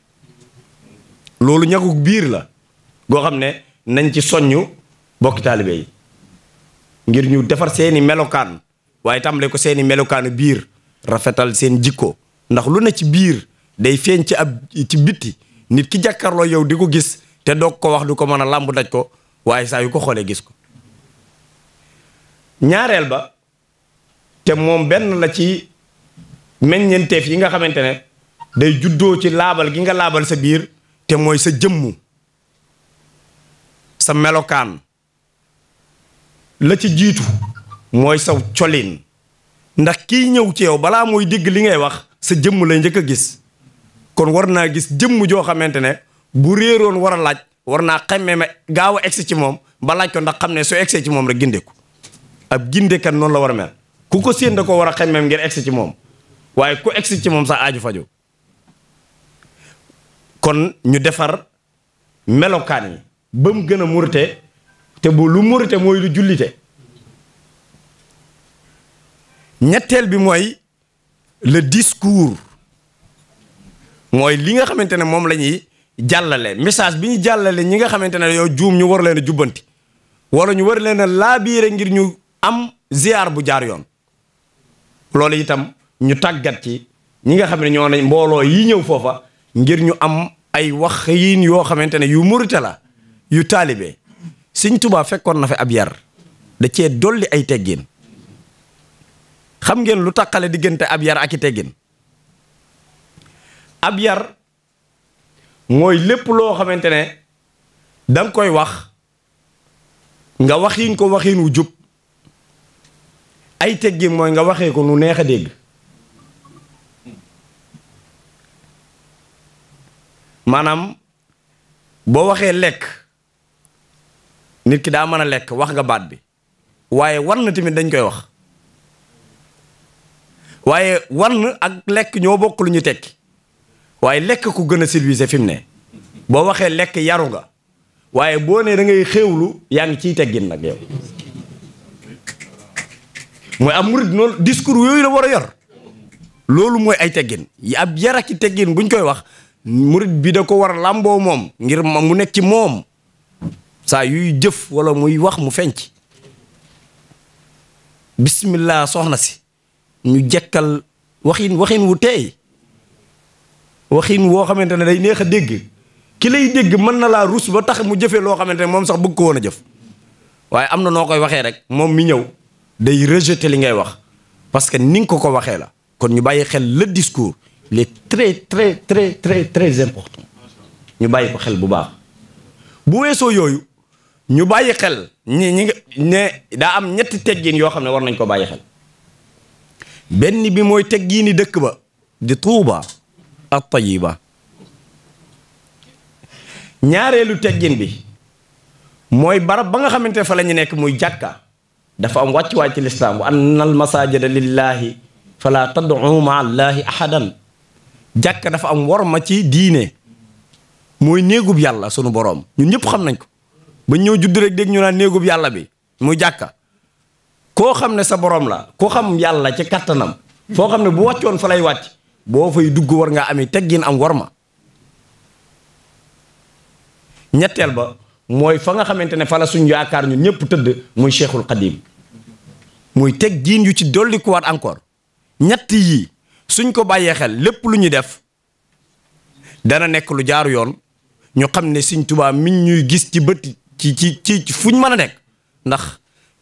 [SPEAKER 5] loolu ñaguk biir la goo xam ne nañ ci soññ bokki taalibe yi ngir ñu defar seeni melokaan waaye tàmbale ko seeni melokaanu biir rafetal seen jikko ndax lu ne ci biir day feeñ ci ab ci bitti nit ki jàkkaarloo yow di ko gis te doog ko wax du ko mën a làmb daj ko waaye sa yu ko xoolee gis ko ñaareel ba te moom benn la ci meññenteef yi nga xamante ne day juddoo ci laabal gi nga laabal sa biir te mooy sa jëmmu sa melokaan la ci jiitu mooy saw colin ndax kii ñëw ci yow balaa mooy dégg li ngay wax sa jëmm lay njëkk a gis kon war naa gis jëmm joo xamante ne bu réeroon war a laaj war naa xammee ma gaaw a egsi ci moom ba laaj ko ndax xam ne soo egsee ci moom rek gindeeku ab gindeekat noonu la war a mel ku ko séen da ko war a xammeem ngir egsi ci moom waaye ku egsi ci moom sax aaju fajo kon ñu defar melokaan yi ba mu gën a murte te bu lu murte mooy lu jullite ñetteel bi mooy le discours mooy li nga xamante ne moom la ñuy jàllale message bi ñu jàllale ñi nga xamante ne yow juum ñu war leen a jubbanti wala ñu war leen a laabiire ngir ñu am ziar bu jaar yoon loolu itam ñu tàggat ci ñi nga xam ne ñoo nañ mbooloo yi ñëw foofa ngir ñu am ay wax yiin yoo xamante ne yu murite la yu taalibe Sëñ Tuubaa fekkoon na fi ab yar da cee dolli ay teggin xam ngeen lu taqale diggante ab yar ak i teggin ab yar mooy lépp loo xamante ne danga koy wax nga waxiin ko waxiin wu jub ay teggin mooy nga waxee ko nu neex a dégg maanaam boo waxee lekk nit ki daa mën a lekk wax nga baat bi waaye war na tamit dañ koy wax waaye wall ak lekk ñoo bokk lu ñu tekki waaye lekk ko gën a civilisé fi mu ne boo waxee lekk yaru nga waaye boo nee da ngay xéewlu yaa ngi ciy teggin nag yow mooy am murid noonu discours yooyu la war a yor loolu mooy ay teggin ab yara teggin buñ koy wax murid bi da ko war a làmboo moom ngir ma mu nekk ci moom saa yuy jëf walla muy wax mu fenc bismillah soxna si ñu jekkal waxin waxin wu teey waxin woo xamante ne day neex a dégg ki lay dégg mën na laa rus ba tax mu jëfee loo xamante ne moom sax bëgg ko woon a jëf waaye am na noo koy waxee rek moom mi ñëw day rejeter li ngay wax parce que ni nga ko ko waxee la kon ñu bàyyi xel le discours il est très très très très très important ñu bàyyi ko xel bu baax bu weesoo yooyu ñu bàyyi xel ñi ñi nga ne daa am ñetti teggin yoo xam ne war nañ ko bàyyi xel benn bi mooy teggiini dëkk ba di tuuba at tayiba ñaareelu teggin bi mooy barab ba nga xamante fa la ñu nekk muy jàkka dafa am wàccuwaay ci lislaam wa anna al masajida lillahi fala tad'u ma allahi ahadan jàkka dafa am worma ci diine mooy néegub yàlla sunu boroom ñu ñëpp xam nañ ko ba ñëw judd rek dégg ñu naan néegub yàlla bi muy jàkka koo xam ne sa borom la koo xam yàlla ci kattanam foo xam ne bu wàccoon fa wàcc boo fay dugg war ngaa amee teggin am war ma ñetteel ba mooy fa nga xamante ne fa la suñ yaakaar ñun ñëpp tëdd muy cheikhul xadim muy teg jiin yu ci dolli kuwaat encore ñetti yii suñ ko bàyyee xel lépp lu ñuy def dana nekk lu jaaru yoon ñu xam ne suñ tubaab miñ ñuy gis ci bët ci ci ci fuñ mën a nekk ndax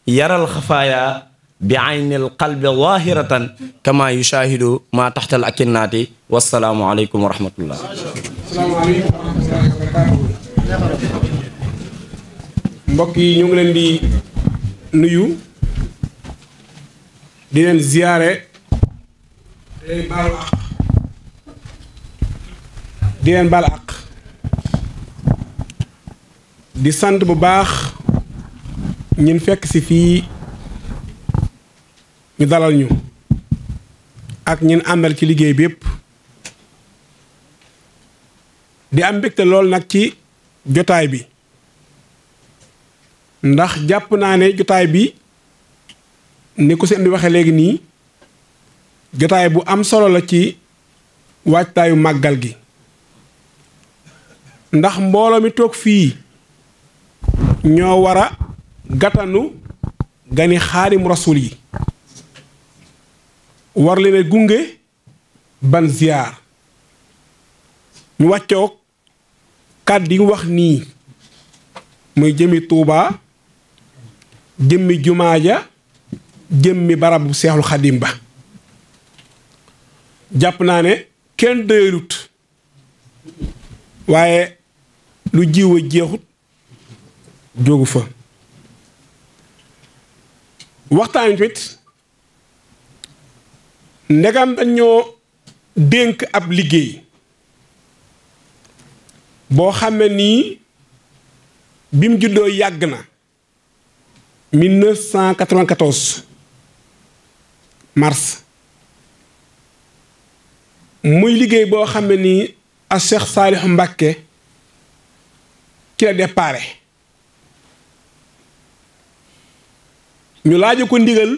[SPEAKER 5] yaral xafaaya bi aynil qalbi zahiratan kama yushahidu ma taxtal akinnaati wasalaamu aleykum wa rahmatullah
[SPEAKER 6] mbokk yi ñu ngi leen di nuyu di leen ziyaare di leen baal àq di leen baal àq di sant bu baax ñun fekk si fii ñu dalal ñu ak ñun àndal ci liggéey bi yëpp di am mbégte lool nag ci jotaay bi ndax jàpp naa ne jotaay bi ni ko seen di waxee léegi nii jotaay bu am solo la ci waajtaayu màggal gi ndax mbooloo mi toog fii ñoo war a gàttanu gani xaadim rasul yi war leen a gunge ban ziar ñu wàccoog kàddu yi wax nii muy jëmi tuubaa jëmmi jumaaja jëmmi barabu seexul xadim ba jàpp naa ne kenn doylut waaye lu jiw a jeexut jógu fa waxtaan wi it ndegam dañoo dénk ab liggéey boo xam nii bi mu juddoo yàgg na 1994 mars muy liggéey boo xam ne nii a Cheikh Saalixu Mbàkke ci la déparé ñu laaje ko ndigal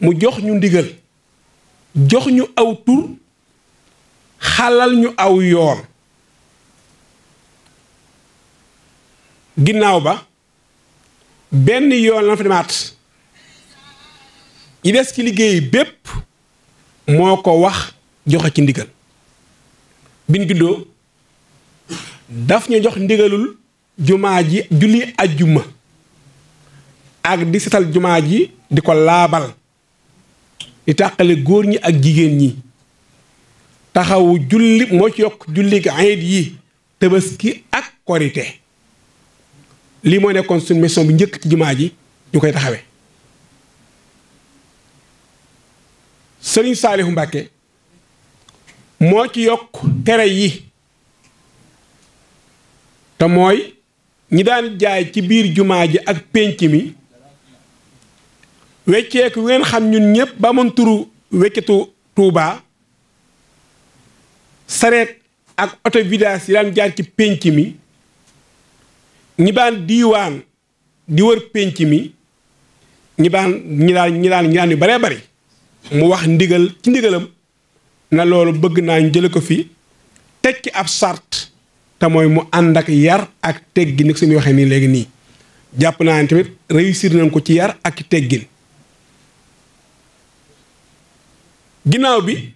[SPEAKER 6] mu jox ñu ndigal jox ñu aw tur xalal ñu aw yoon ginnaaw ba benn yoon la fa demaat yi des ci liggéey bépp moo ko wax joxe ci ndigal bin juddoo daf ñu jox ndigalul jumaa ji julli ajjuma ak di setal jumaa ji di ko laabal di tàqale góor ñi ak jigéen ñi taxawu julli moo ci yokk julli gi ayit yi tabaski ak korite lii moo nekkoon suñ mission bu njëkk ci jumaa ji ñu koy taxawee sëriñ Saalihu Mbàkke moo ci yokk tere yi te mooy ñi daan jaay ci biir jumaa ji ak pénc mi wecceeku ngeen xam ñun ñëpp ba amoon turu weccetu Touba sareet ak oto vidange yi daan jaar ci pénc mi ñi baan diiwaan di wër pénc mi ñi baan ñi daan ñi daan ñi daan yu baree bari mu wax ndigal ci ndigalam na loolu bëgg naa ñu jële ko fi teg ci ab sart te mooy mu ànd ak yar ak teggin nag suñu waxee nii léegi nii jàpp naa ne tamit réussir nañ ko ci yar ak teggin ginnaaw bi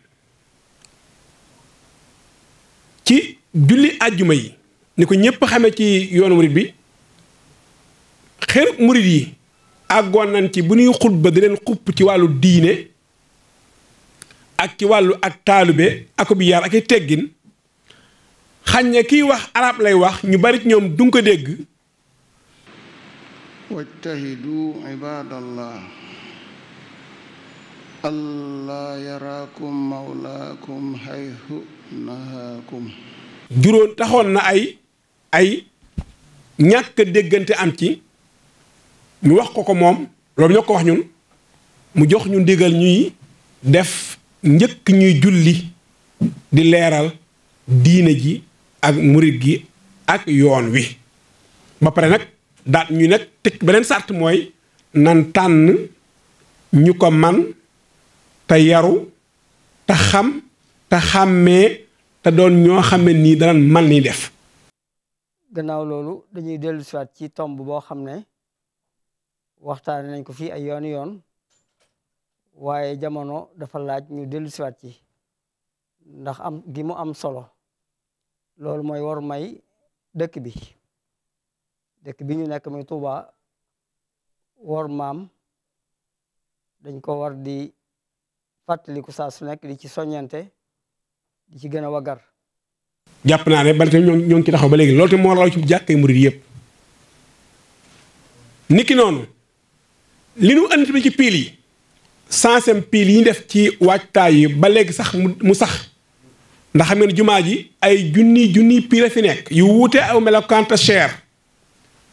[SPEAKER 6] ci julli àjjuma yi ni ko ñëpp xamee ci yoonu murit bi xër murit yi àggoon nañ ci bu ñuy xutba di leen xupp ci wàllu diine ak ci wàllu ak taalube ak bi yar ak i teggin xañ ne kiy wax arab lay wax ñu bari ci ñoom duñ ko dégg
[SPEAKER 3] wajtahidu ibadallah allah yaraakum
[SPEAKER 6] juróom taxoon na ay ay ñàkk déggante am ci ñu wax ko ko moom loolu ñoo ko wax ñun mu jox ñu ndigal ñuy def njëkk ñuy julli di leeral diine ji ak murit gi ak yoon wi ba pare nag daat ñu nag tëkk beneen sart mooy nan tànn ñu ko man te yaru te xam te xàmmee te doon ñoo xam nii danañ man yi def
[SPEAKER 5] gannaaw loolu dañuy dellu siwaat ci tomb boo xam ne waxtaane nañ ko fii ay yoon yoon waaye jamono dafa laaj ñu dellu siwaat ci ndax am gi mu am solo loolu mooy war may dëkk bi dëkk bi ñu nekk muy Tuuba war maam dañ ko war di fàttaliku saa su nekk di ci soññante di gën a wagar
[SPEAKER 6] jàpp naa ne bal te ñoo ñoo ngi ci taxaw ba léegi loolu te moo raw ci jàkkay murid yëpp niki noonu li nu andi ci piil yi sansem piil yi ñu def ci waajtaay yi ba léegi sax mu sax ndax xam ngeen jumaa ji ay junni junni piil a fi nekk yu wuute aw melokaan te cher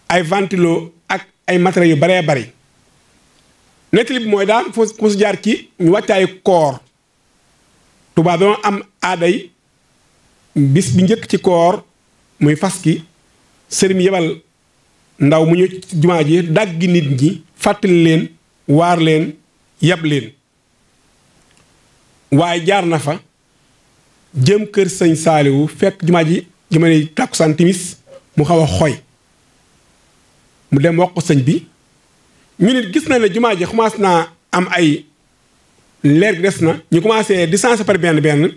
[SPEAKER 6] ay ventilo ak ay matériels yu baree bari nettali bi mooy daal foo mu jaar ci ñu wàccaay koor tubaab dama am aaday bis bi njëkk ci koor muy fas ki sëriñ yebal ndaw mu ñëw ci jumaa ji dàggi nit ñi fàttali leen waar leen yab leen waaye jaar na fa jëm kër sëñ saaliwu fekk jumaa ji jamono tàkkusaan timis mu xaw a xoy mu dem wax ko sëñ bi ñu nit gis na ne jumaa ji commencé naa am ay leer gi des na ñu commencé distance par benn benn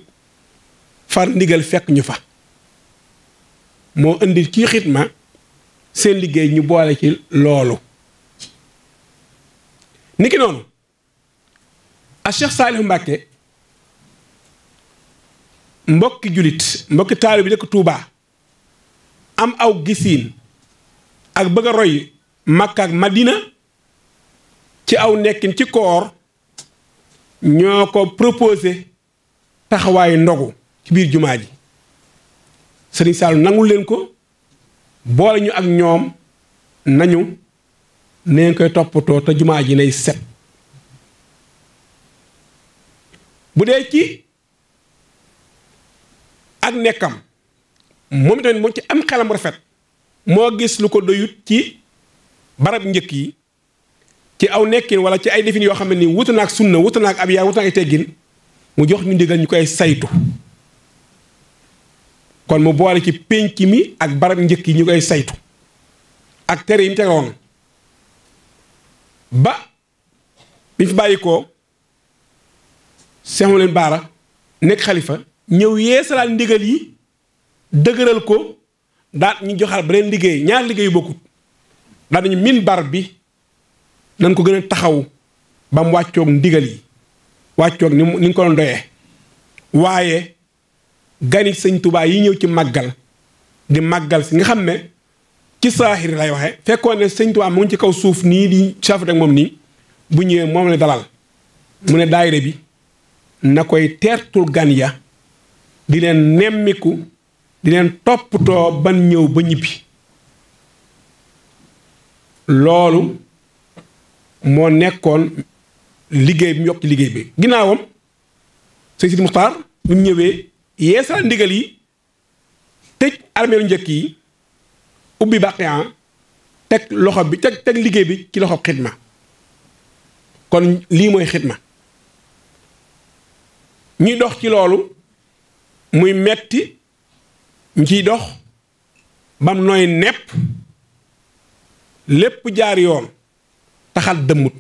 [SPEAKER 6] far ndigal fekk ñu fa moo indi ci ma seen liggéey ñu boole ci loolu niki noonu a Cheikh Saalihu Mbàkke mbokki julit mbokki taali bi dëkk tuubaa am aw gisiin ak bëgg a roy Makka Madina ci aw nekkin ci koor ñoo ko proposé taxawaayu ndogu ci biir jumaa ji Serigne Sall nangul leen ko boole ñu ak ñoom nañu neen koy toppatoo te jumaa ji nay set bu dee ci ak nekkam moom tamit moom ci am xelam rafet moo gis lu ko doyut ci barab njëkk yi li aw nekkiin wala ci ay defin yoo xam ne nii wutu naag sunna wutu naag ab yaa wutu naag ay teggin mu jox ñu ndigal ñu koy saytu kon mu boore ci pénc mi ak barab njëkk yi ñu koy saytu ak tere yi mu tegoon ba bi fi bàyyi ko leen baara nekk xalifa ñëw yee yeesalaat ndigal yi dëgëral ko daan ñu joxal beneen liggéey ñaar liggéey yu bokkut daan nañu min bi nan ko gën a taxaw ba mu wàccoog ndigal yi wàccoog ni ni ko doon doyee waaye gani sëñ Tuubaa yi ñëw ci màggal di màggal si nga xam ne ci saaxir lay waxe fekkoon ne sëñ Tuubaa mu ngi ci kaw suuf nii di saafara ak moom nii bu ñëwee moom la dalal mu ne daayira bi na koy teertul gan ya di leen nemmiku di leen toppatoo ban ñëw ba ñibbi loolu moo nekkoon liggéey bi mu yokk liggéey bi ginnaawam sëñ Sidi Muxtaar bi mu ñëwee yeesala ndigal yi tëj armeelu njëkk yi ubbi baqiyan teg loxo bi teg liggéey bi ci loxo xidma kon lii mooy xidma ñuy dox ci loolu muy metti ñu ciy dox bam nooy nepp lépp jaar yoon taxal dëmmut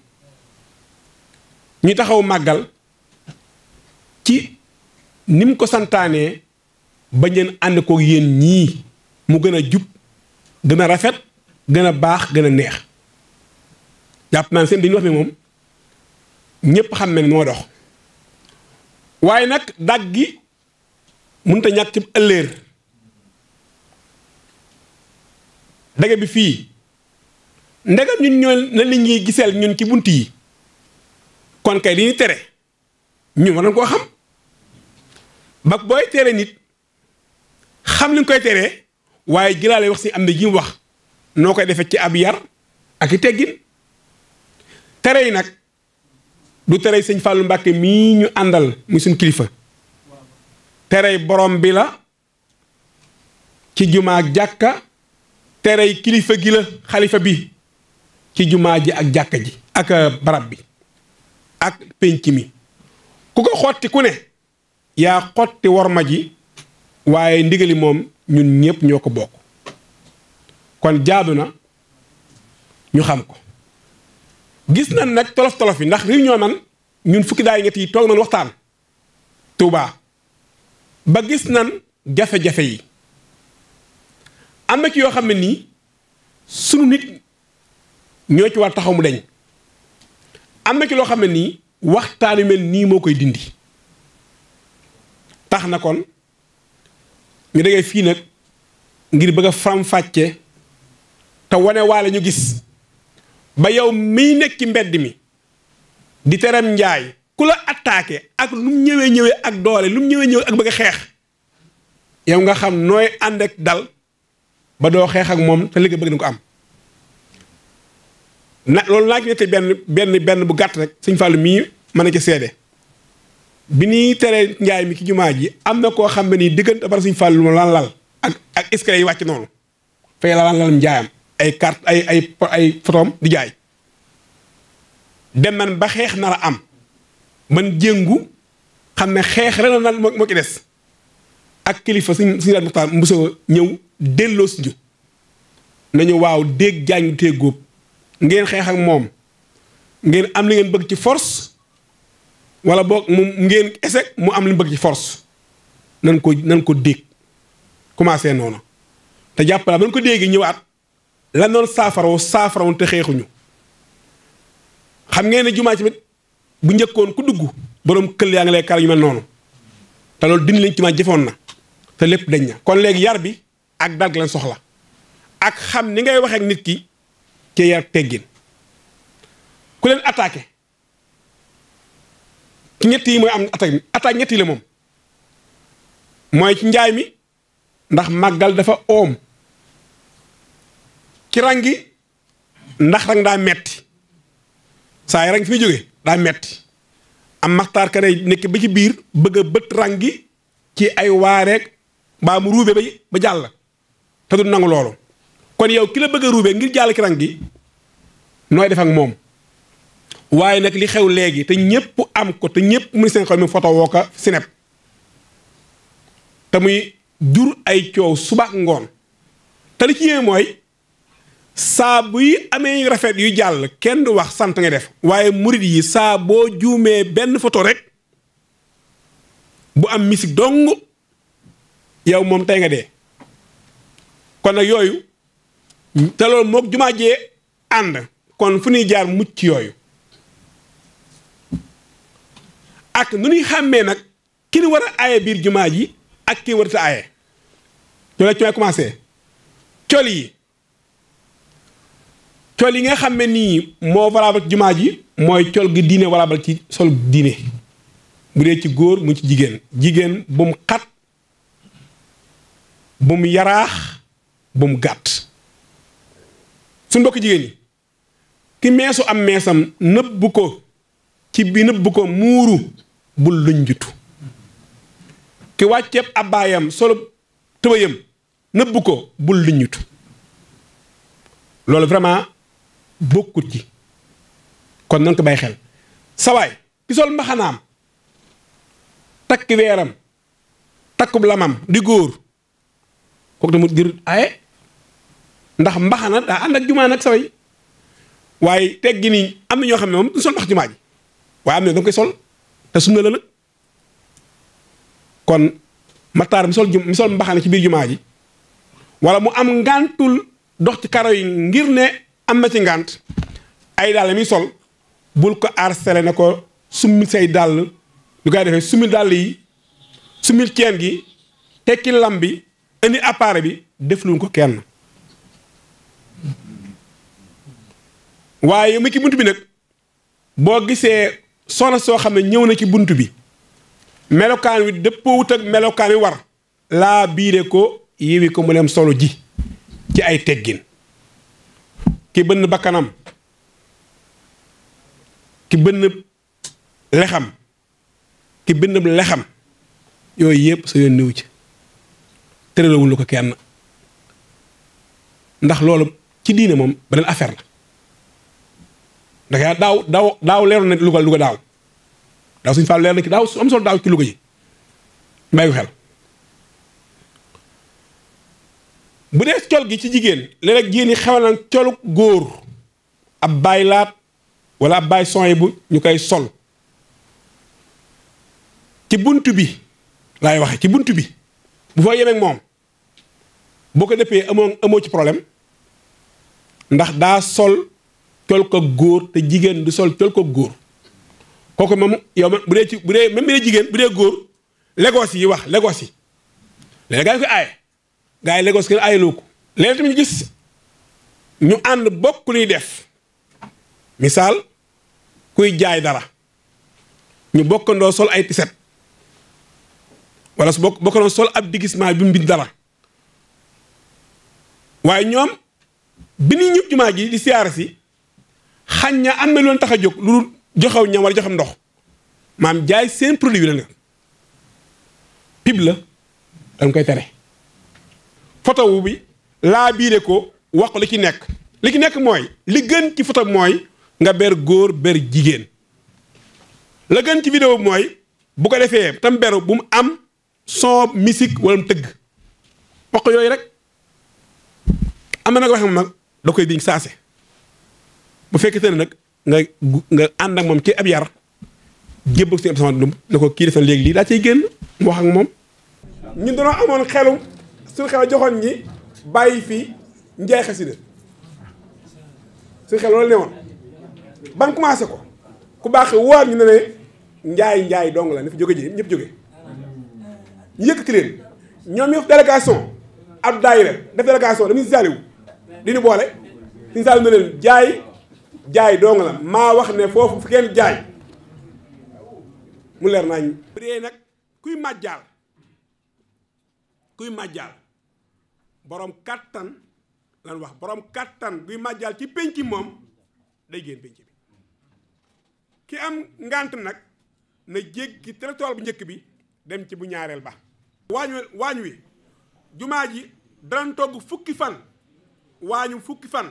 [SPEAKER 6] ñu taxaw màggal ci ni mu ko santaanee ba ngeen ànd ko yéen ñii mu gën a jub gën a rafet gën a baax gën a neex jàpp naa seen dañu wax ne moom ñépp xam ne moo dox waaye nag dagg gi mënut a ñàkk ci ëllëer dage bi fii ndegam ñun ñoo na li ñuy giseel ñun ci bunt yi kon kay li ñu tere ñun war koo xam ba booy tere nit xam li nga koy tere waaye jëlaale wax si am na ji mu wax noo koy defee ci ab yar ak i teggin tere yi nag du tere sëñ Fallou Mbacke mii ñu àndal muy suñ kilifa terey borom bi la ci jumaa jàkka terey kilifa gi la xalifa bi ci jumaa ji ak jàkka ji ak euh, barab bi ak pénc mi ku ko xotti ku ne yaa xotti worma ji waaye ndigali moom ñun ñëpp ñoo ko bokk kon jaadu na ñu xam ko gis nañ nag tolof tolof yi ndax ñoo nan ñun fukki daay ñett yi toog nañ waxtaan Touba ba gis nan jafe-jafe yi am na ci yoo xam ne nii sunu nit ñoo ci war taxaw mu dañ am na ci loo xam ne nii waxtaan yu mel nii moo koy dindi tax na kon ñu degee fii nag ngir bëgg a te wane waale ñu gis ba yow miy nekk ci mbedd mi di teram njaay ku la attaqué ak lum ñëwee ñëwee ak doole lu ñëwee ñëwee ak bëgg a xeex yow nga xam nooy ànd ak dal ba doo xeex ak moom te li nga bëgg na ko am na loolu naa ci nettali benn benn benn bu gàtt rek suñ fàll mii mën na ci seede bi ñuy teree njaay mi ci jumaa ji am na koo xam ne nii diggante ba sëñ Fallou lan lal ak ak escalier yi wàcc noonu fay la lan njaayam ay carte ay ay fotoom di jaay dem man ba xeex nar a am man jéngu xam ne xeex rek na moo ci des ak kilifa suñ suñu daal muxtaar mbuso ñëw delloo si nañu waaw déeg jaañ téegóob ngeen xeex ak moom ngeen am li ngeen bëgg ci force wala boog mu ngeen échec mu am li mu bëgg ci force nan ko nan ko dégg commencé noonu te jàppalaa ba ko déegi ñëwaat lan doon saafaraw saafarawoon te xeexuñu xam ngeen ne jumaa tamit bu njëkkoon ku dugg borom këll yaa ngi lay kar yu mel noonu te loolu dindi lañ ci ma jëfoon na te lépp dañ na kon léegi yar bi ak dal gi lañ soxla ak xam ni ngay waxeek nit ki ci yar teggin ku leen attaqué ci ñett yi mooy am attaque bi attaque ñett yi moom mooy ci njaay mi ndax màggal dafa oom ci rang ndax rang daa metti saa yi rang fi muy jógee daa metti am maxtaar ka ne nekk ba ci biir bëgg bët rang gi ci ay waareeg mbaa mu ruube ba jàll te du nangu loolu kon yow ki la bëgg a ruubee ngir jàll ci rang gi nooy def ak moom waaye nag li xew léegi te ñëpp am ko te ñëpp mu seen xel mi photo woo ko sinep te muy jur ay coow suba ngoon te li ci yéeme mooy saa buy amee rafet yu jàll kenn du wax sant nga def waaye murit yi saa boo juumee benn photo rek bu am misik dong yow moom tey nga dee kon nag yooyu te lool moog jumaa jee ànd kon fu ñuy jaar mucc yooyu ak nu ñuy xàmmee nag ki ñu war a aaye biir jumaa ji ak ki warta aaye ci may col yi col yi nga xam nii moo valable ci jumaa ji mooy col gi diine valable ci sol diine bu dee ci góor mu ci jigéen jigéen bu mu xat bu mu yaraax bu mu gàtt suñ mbokk jigéen ñi ki meesu am meesam nëbb ko ci bi nëbb ko muuru bul lunjutu ki wàcceeb abbaayam solo tëbayam nëbbu ko bul lunjutu loolu vraiment bokkut ci kon nan ko bàyyi xel sawaay ki sol mbaxanaam takk weeram takkub lamam di góor kooku tamit jër aaye ndax mbaxana daa ànd ak jumaa nag saway waaye teggi nii am na ñoo xam ne moom du sol mbax jumaa ji waaye am na koy sol te sol sol mbaxana ci biir jumaa ji wala mu am ngàntul dox ci karo yi ngir ne am na ci ngànt ay dàll mi sol bul ko arsele na ko summi say dàll lu koy defee summi dàll yi summi ceen gi tekki lam bi indi appareil bi def luñ ko kenn waaye mu ci bunt bi nag boo gisee soxna soo xam ne ñëw na ci bunt bi melokaan wi dëppoowut ak melokaan wi war laa biire ko yiwi ko mu dem solo ji ci ay teggin ki bënn bakkanam ki bënn lexam ki bënn bi lexam yooyu yëpp sa yoon niw ci tëralawul ko kenn ndax loolu ci diine moom beneen affaire la danga daaw daaw daaw leeroon na Louga Louga daaw daaw suñu Fall leer na ci daaw su am solo daaw ci Louga yi bàyyi xel bu dee col gi ci jigéen léeg-léeg jigéen ñi xewal nañ colu góor ab baay laat wala ab baay son yi bu ñu koy sol ci bunt bi laay waxe ci bunt bi bu fa yemeeg moom boo ko dëppee amoo amoo ci problème ndax daa sol col ko góor te jigéen du sol col ko góor kooku moom yow man bu dee ci bu dee même bu dee jigéen bu dee góor Lagos yi wax legoos yi léegi gaa yi ko aaye gaa yi Lagos kenn aayaloo ko léegi tamit gis ñu ànd bokk luy def misaal kuy jaay dara ñu bokkandoo sol ay tiset wala su bokk bokkandoo sol ab digisement bi mu bind dara waaye ñoom bi ñuy ñëpp jumaa ji di siyaare si xañ na am na loon tax a jóg lu joxew ñam wala joxam ndox maam jaay seen produit yi la nga pib la dañ koy tere photo wu bi laa biire ko wax li ci nekk li ci nekk mooy li gën ci photo mooy nga ber góor ber jigéen la gën ci vidéo mooy bu ko defee tam beru bu mu am son misik walla mu tëgg wax yooyu rek am na nag waxam nag da koy biñ saase bu fekkente ne nag nga nga ànd ak moom ci ab yar jébbal suñu absence dum ne ko kii defal léegi lii daa cay génn mu wax ak moom. ñu dañoo amoon xelum suñu xel joxoon ñi bàyyi fii njaay xasida suñu xel loolu ne woon ban commencé ko ku baax waar ñu ne ne njaay njaay dong la na fi jóge ji ñëpp jóge ñu yëkkati leen ñoom ñu def délégation ab daayira def délégation dañuy saaliwu di ñu boole suñu saaliwu ne jaay. jaay doo nga la ma wax ne foofu fi kenn jaay mu leer nañ bu dee nag kuy màjjaal kuy màjjaal boroom kàttan lan wax borom kàttan kuy màjjaal ci pénc moom day génn pénc bi ki am ngànt nag na jéggi tool bu njëkk bi dem ci bu ñaareel ba waañ waañ wi jumaa ji dana togg fukki fan waañu fukki fan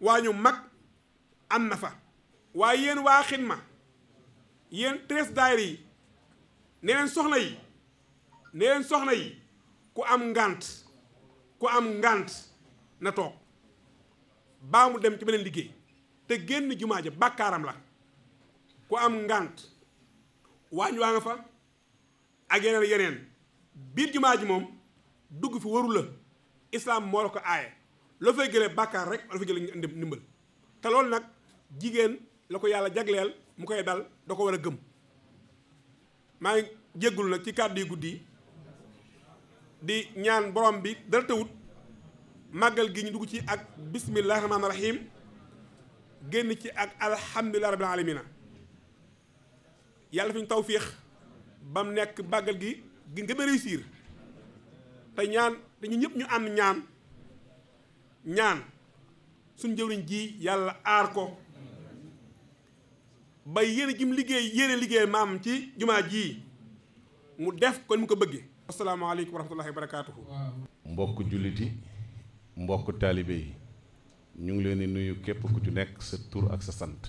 [SPEAKER 6] waañu mag am na fa waaye yéen waa xidma yéen treize daayira yi ne leen soxna yi ne leen soxna yi ku am ngànt ku am ngant na toog baa mu dem ci beneen liggéey te génn jumaa ja bàkkaaram la ku am ngànt waañ waa nga fa ak yeneen yeneen biir jumaa ji moom dugg fi waru la islaam moo la ko aaye loo fay gëlee bàkkaar rek loo fay gëlee ndimbal te loolu nag jigéen la ko yàlla jagleel mu koy dal da ko war a gëm maa ngi jéggul nag ci kàddu yu guddi di ñaan borom bi dara tawut màggal gi ñu dugg ci ak bismillahi rahmaani rahim génn ci ak alhamdulilah rabbil alamina yàlla fi ñu tawfiix ba mu nekk màggal gi gi nga ba réussir te ñaan dañu ñëpp ñu am ñaan ñaan suñ jëwriñ ji yàlla aar ko ba yéene jim liggéey yéene liggéey maam ci jumaa ji mu def ko ni mu ko bëggee. asalaamaaleykum wa rahmatullahi wa barakaatuhu.
[SPEAKER 7] mbokk julliti mbokk taalibe yi ñu ngi leen di nuyu képp ku ci nekk sa tur ak sa sant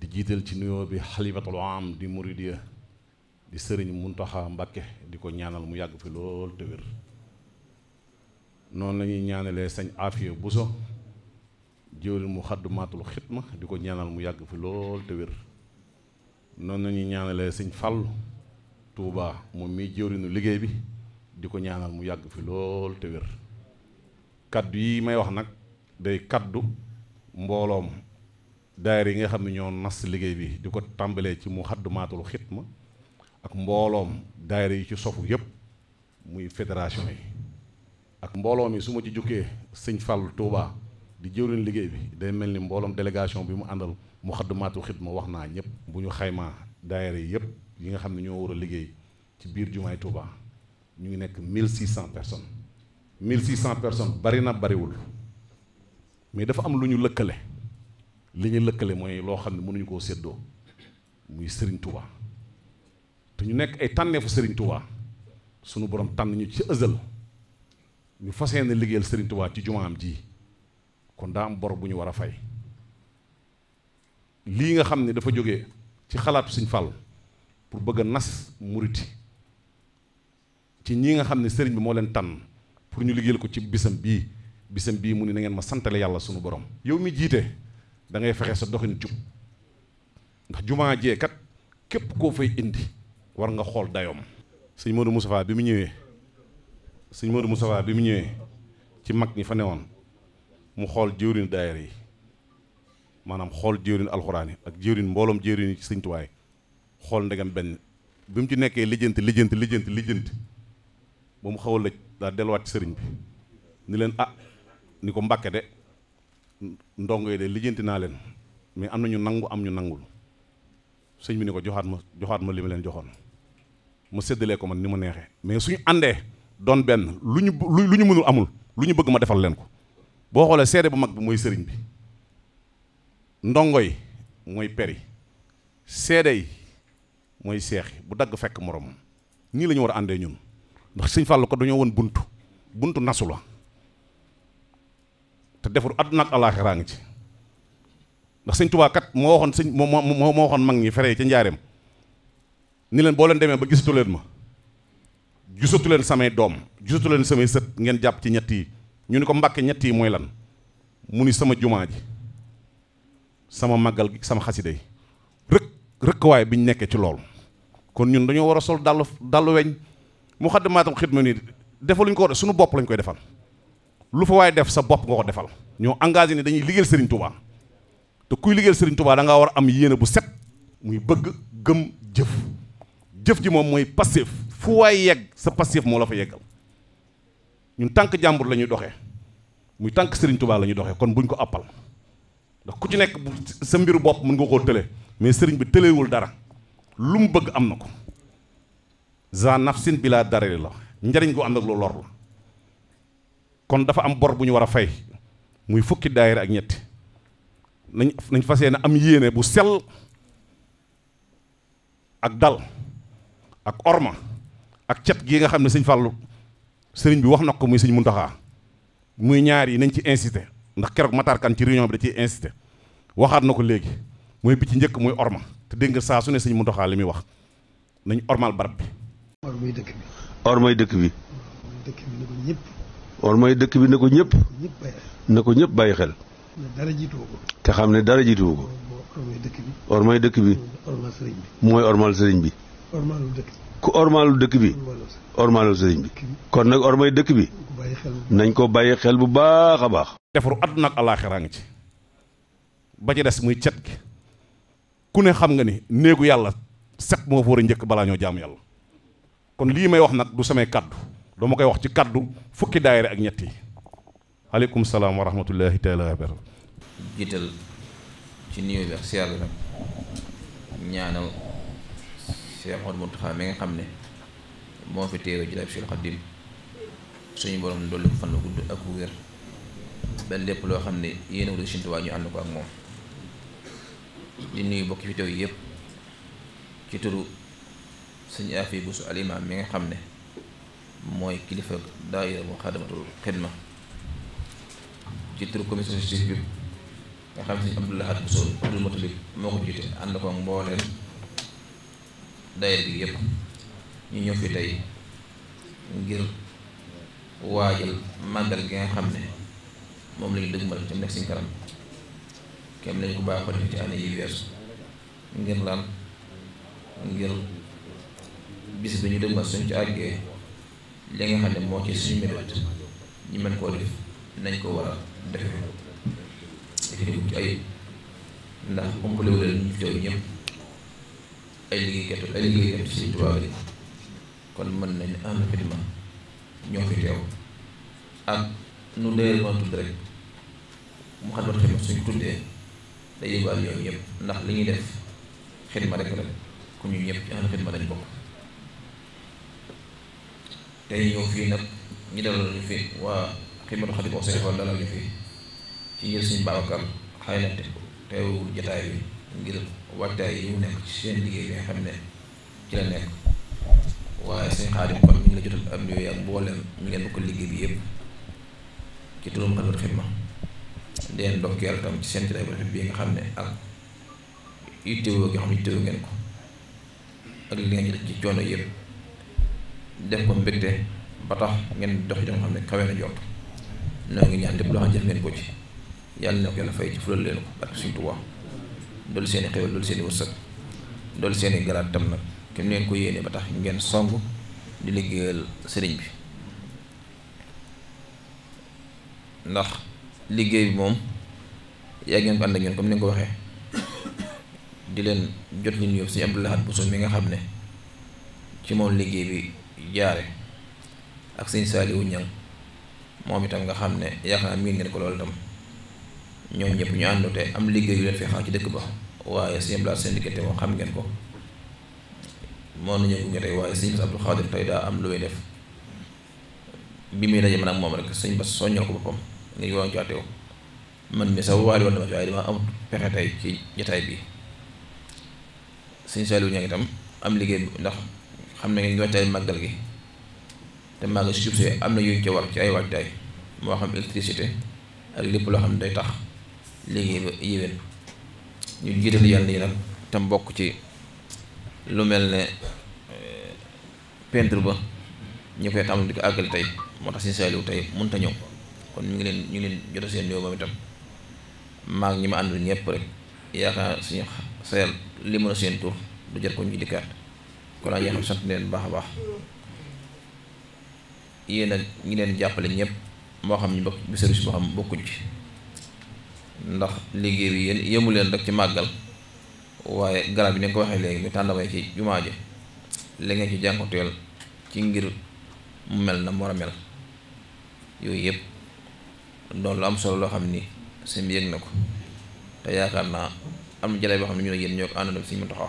[SPEAKER 7] di jiital ci nuyoo bi xalifatul am di muridiya di sëriñ Muntaxa Mbakke di ko ñaanal mu yàgg fi lool te noonu lañuy ñuy ñaanalee sañ Afiya Buso jëwriñ mu xaddumaatul xitma di ko ñaanal mu yàgg fi lool te wér noonu nañu ñaanalee sëñ Fàllu tuuba moom mi jëwriñu liggéey bi di ko ñaanal mu yàgg fi lool te wér kaddu yi may wax nag day kàddu mbooloom daayira yi nga xam ne ñoo nas liggéey bi di ko tàmbalee ci mu xaddumaatul ma ak mbooloom daayira yi ci sofu yépp muy fédération yi ak mbooloo mi su ma ci jukkee sëñ Fàllu Tuubaa di jëwriñ liggéey bi day mel ni mbooloom délégation bi mu àndal mu xaddamaatu xidma wax naa ñëpp bu ñu xaymaa daayira yi yëpp yi nga xam ne ñoo war a liggéey ci biir jumaay Touba ñu ngi nekk 1600 personnes 1600 personnes bari na bariwul mais dafa am lu ñu lëkkale li ñu lëkkale mooy loo xam ne mënuñu koo séddoo muy Serigne Touba te ñu nekk ay tànneefu Serigne Touba sunu borom tànn ñu ci ëzal ñu fas yéene liggéeyal Serigne Touba ci jumaam ji. kon daa am bor bu ñu war a fay lii nga xam ne dafa jóge ci xalaatu suñ Fallu pour bëgg a nas muriti ci ñii nga xam ne sëriñ bi moo leen tànn pour ñu liggéeyal ko ci bisam bii bisam bii mu ni na ngeen ma santale yàlla sunu borom yow mi jiite dangay fexe sa doxin jub ndax jumaa jeekat képp koo fay indi war nga xool dayoom suñ Modou Moustapha bi mu ñëwee suñ Modou Moustapha bi mu ñëwee ci mag ñi fa ne woon mu xool jëwriñ daayira yi maanaam xool jëwriñ alxuraan yi ak jëwriñ mbooloom jëwriñ yi ci sëñ xool ndegam benn bi mu ci nekkee lijjanti lijjanti lijjanti lijjanti ba mu xaw a lëj daa delluwaat ci sëriñ bi ni leen ah ni ko mbàkke de ndongo yi de lijjanti naa leen mais am na ñu nangu am ñu nangul sëñ bi ni ko joxaat ma joxaat ma li ma leen joxoon ma séddalee ko man ni ma neexee mais suñu àndee doon benn lu ñu lu ñu mënul amul lu ñu bëgg ma defal leen ko boo xoolee seede bu mag bi mooy sëriñ bi ndongo yi mooy peri seede yi mooy seex bu dagg fekk moromam nii lañu war àndee ñun ndax sëñ Fallou ko dañoo woon buntu buntu nasu la te deful àdduna ak alaaxiraa ngi ci ndax sëñ Tuubaa kat moo waxoon sëñ moo moo moo waxoon mag ñi fere ca njaareem ni leen boo leen demee ba gisatu leen ma gisatu leen samay doom gisatu leen samay sët ngeen jàpp ci ñett yi. ñu ni ko mbàkke ñett yi mooy lan mu ni sama jumaa ji sama màggal gi sama xasida yi rëkk rëkkwaay bi ñu nekkee ci loolu kon ñun dañoo war a sol dàll dàll weñ mu xaddamaatam xidma ni defaluñ ko sunu bopp lañ koy defal lu fa waaye def sa bopp nga ko defal ñoo engagé ni dañuy liggéeyal Serigne tubaa te kuy liggéeyal Serigne Touba da ngaa war a am yéene bu set muy bëgg gëm jëf jëf ji moom mooy passif fu waay yegg sa passif moo la fa yeggal ñun tànk jàmbur la ñuy doxee muy tànk Serigne Touba la ñuy doxee kon buñ ko appal ndax ku ci nekk sa mbiru bopp mën nga koo tële mais sëriñ bi tëlewul dara lu mu bëgg am na ko za nafsin bi laa darari la njariñ gu ànd ak lu lor la kon dafa am bor bu ñu war a fay muy fukki daayira ak ñetti nañ nañ fas yéene am yéene bu sell ak dal ak orma ak cet gi nga xam ne sëñ Fallou sëriñ bi wax na ko muy sëñ Muntaxa muy ñaar yi nañ ci insisté ndax keroog Matar Kan ci réunion bi da ciy insisté waxaat na ko léegi mooy bi ci njëkk muy orma te dégg nga saa su ne sëñ Muntaxa li muy wax nañ ormal barab bi.
[SPEAKER 3] ormay dëkk bi. ormay dëkk bi.
[SPEAKER 7] ormay dëkk bi na ko ñëpp. na ko ñëpp bàyyi xel.
[SPEAKER 3] te xam ne dara jiituwu ko. ormay dëkk bi. ormay dëkk mooy ormal sëriñ bi. ku ormaalu dëkk bi ormaalu sëriñ bi kon nag ormay
[SPEAKER 7] dëkk bi nañ ko bàyyi xel bu baax a baax defaru àdduna ak alaaxiraa ngi ci ba ci des muy cet gi ku ne xam nga ni néegu yàlla set moo fa war a njëkk balaa ñoo jaam yàlla kon lii may wax nag du samay kàddu dama koy wax ci kàddu fukki daayira ak ñett yi aleykum salaam wa rahmatullahi taala
[SPEAKER 8] Cheikh Mouhamadou Mountakha mi nga xam ne moo fi teewe jëlaat Cheikh suñu borom dolli ko fan la gudd ak wér ba lépp loo xam ne yéen a wut si ñu ànd ko ak moom di nuyu bokki fi teew yëpp ci turu suñu affaire su alimaam mi nga xam ne mooy kilifa daayira mu xadamatul xidma ci turu commission justice bi nga xam ne suñu Abdoulahat bu soo Abdul Mutalib moo ko jiite ànd ko ak mbooleem daayira bi yëpp ñu ñëw fi tey ngir waajal màggal gi nga xam ne moom la ñu dëgmal ci nekk si kanam kenn lañu ko baaxoo def ci année yi weesu ngir lan ngir bis bi ñu dëgmal suñ ci àggee li nga xam ne moo ci suñu mébét ñu mën koo def nañ ko war a defee ci ndax umpale ñu teew ñëpp. ay liggéeykatu ay liggéeykatu Sëriñ Tuubaa yi kon mën nañ am xidma ñoo fi teew ak nu dee ma tudd rek mu xam ne xidma suñ tuddee day yóbbaal yooyu yëpp ndax li ñuy def xidma rek rek ku ñu ñëpp ci am xidma fii nag ñi dalal ñu fi waa xidmatu xadim Ousseynou Fall dalal ñu fi ci ngir suñu Babacar xëy na teewul jataay bi ngir wattaay yi mu nekk ci seen liggéey bi nga xam ne ci la nekk waaye seen xaadim kon mi ngi la jotal am yooyu ak mboolem mi ngeen bokk liggéey bi yëpp ci turam xelul xidma deen ndokkeel tam ci seen traité xam ne ak yittewoo gi ko ak li ngeen ci coono yëpp def ko mbégte ba tax ngeen dox ci nga xam ne kawe na jot noo ngi ñaan lépp loo xam jëf ngeen ko ci yàlla na ko yàlla fay ci fulal leen ko ak suñu Tuubaa doolu seen i xéwal doolu seen i wërsëg doolu seen i garaat tam nag kim leen ko yéene ba tax ngeen song di liggéeyal sëriñ bi ndax liggéey bi moom yaa ngeen ko ànd ak ñun comme ni nga ko waxee di leen jot li nuyoo Sëriñ Abdou Lahad Bousso nga xam ne ci moom liggéey bi jaare ak Sëriñ Saliou Niang moom itam nga xam ne yaakaar naa miin ngeen ko loolu tam ñoom ñëpp ñu àndute am liggéey yu leen fi xaar ci dëkk ba waaye sëñ seen diggante moom xam ngeen ko moo nañu gunge tey waaye sëñ Bass Abdou Khadre tey daa am lu muy def bi muy daje man ak moom rek sëñ Bass soññoo ko boppam ni ngi waroon ci àtteew man mi sax waali dama ci pexe tey ci jotaay bi sëñ Saliou ñaa ngi am liggéey ndax xam ne ngeen waajtaay gi te màggal si suuf si am na yuñ ci war ci ay waajtaay moo xam électricité ak lépp loo xam ne day tax léegi yéwén ñu jiital yenn yi nag tam bokk ci lu mel ne eh, peintre ba ñu koy tàmbali di ko àggal tey moo tax si Saliou tey mun ta ñëw kon ñu ngi leen ñu ngi leen jot seen yow moom itam maag ñi ma àndul ñëpp rek yaakaar suñu sayal li mën a seen tur du jar ko ñu dikkaat kon nag yaa xam sant leen baax a baax yéen a ñi leen jàppale ñëpp moo xam ñu bokk bi service boo xam bokkuñ ci. ndax liggéey bi yéen yëmu leen rek ci màggal waaye garab yi ne nga ko waxee léegi mu tàndamay ci jumaa ji li ngeen ci jànkuwuteel ci ngir mu mel na mu war a mel yooyu yëpp doon lu am solo loo xam ni sëñ bi yëg na ko te yaakaar naa am jëlee boo xam ne ñoo ne yéen ñoo ko si ñu sëñ Muntaxa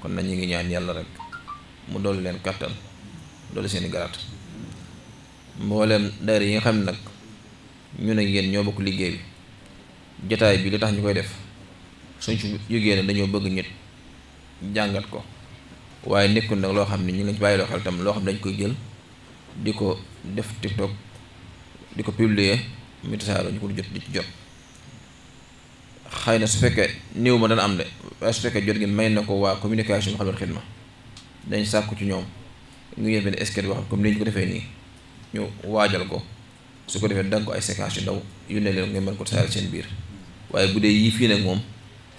[SPEAKER 8] kon na ñu ngi ñaan yàlla rek mu dolli leen kàttan dolli seen i garaat mbooleem daara yi nga xam ne nag ñu ne yéen ñoo bokk liggéey bi. jataay bii li tax ñu koy def suñ ci yëgee dañoo bëgg nit jàngat ko waaye nekkul nag loo xam ne ñu ngi ci bàyyi loo xel tam koy jël di ko def tiktok di ko publier mu tasaaroo ñu ko jot di ci jot xëy na su fekkee néew ma dana am de waaye su fekkee jot gi may na ko waa communication xamal ma dañ sàkku ci ñoom ñu yëf benn sketch boo xam comme ni ñu ko defee nii ñu waajal ko su ko defee danga ko ay séquences yu ndaw yu ne leen nga mën ko tasaare seen biir waaye bu dee yii fii nag moom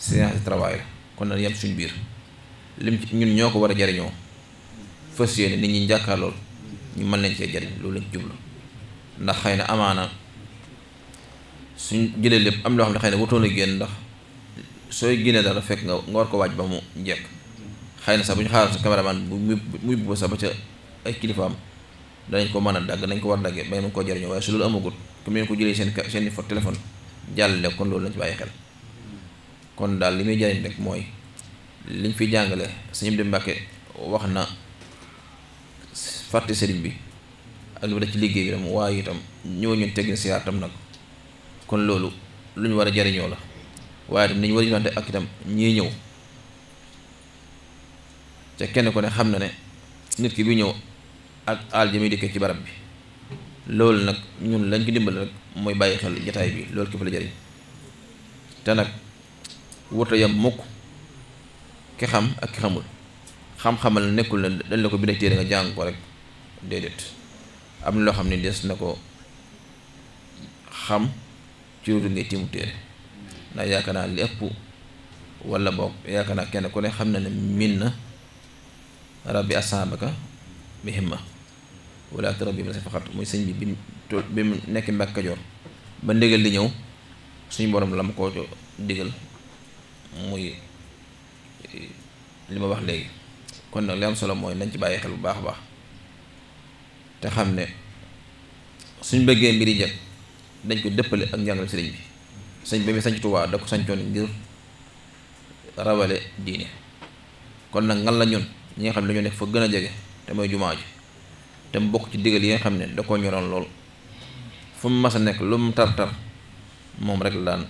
[SPEAKER 8] séance de kon nag yem suñ biir lim ci ñun ñoo ko war a jariñoo fas yéene nit ñi njàkkaar lool ñu mën leen cee jariñ loolu lañ jublu ndax xëy na amaana suñ jëlee lépp am loo xam ne xëy na génn ndax sooy génnee dara fekk nga nga war ko waaj ba na sax bu ñu xaaral sa caméraman bu muy bu sax ba ca ay kilifaam danañ ko a dagg nañ ko war a daggee ba ñu mën koo jariñoo waaye su loolu amagul comme ni ko jëlee seen seen téléphone jàllale kon loolu lañ ci bàyyi xel kon daal li muy jariñ rek mooy liñ fi jàngale suñu dem Mbàkke wax na fàtte sëriñ bi ak lu mu def ci liggéey itam waaye itam ñëw ñu teggin siyaar itam nag kon loolu lu ñu war a jariñoo la waaye itam nañu ak itam ñii ñëw ca kenn ko ne xam na ne nit ki bi ñëw ak aal ja muy dikkee ci barab bi loolu nag ñun lañ ko dimbal rek mooy bàyyi xel jataay bi loolu képp la jëriñ te nag wota yam mukk ki xam ak ki xamul xam-xamal nekkul na dañ la ko bind téere nga jàng ko rek déedéet am na loo xam ne des na ko xam ci ruutu ngay tiimu téere ndax yaakaar naa lépp wala boog yaakaar naa kenn ko ne xam na ne min na rabbi asabaka bi himma wala tara bi ma faqat muy sëñ bi bi bi mu nekk Mbàkke Kajoor ba ndégal di ñëw suñu boroom la ma koo digal muy li ma wax léegi kon nag li am solo mooy nañ ci bàyyi xel bu baax a baax te xam ne suñ bëggee mbiri jëkk dañ ko dëppale ak njàngale sëriñ bi sëñ bi mi sañc Tuubaa da ko sañcoon ngir rawale diine kon nag ngan la ñun ñi nga xam ne dañoo nekk fa gën a jege te mooy jumaa ji te mu bokk ci digal yi nga xam ne da koo ñoroon lool fu mu mas a nekk lu mu tar-tar moom rek la daan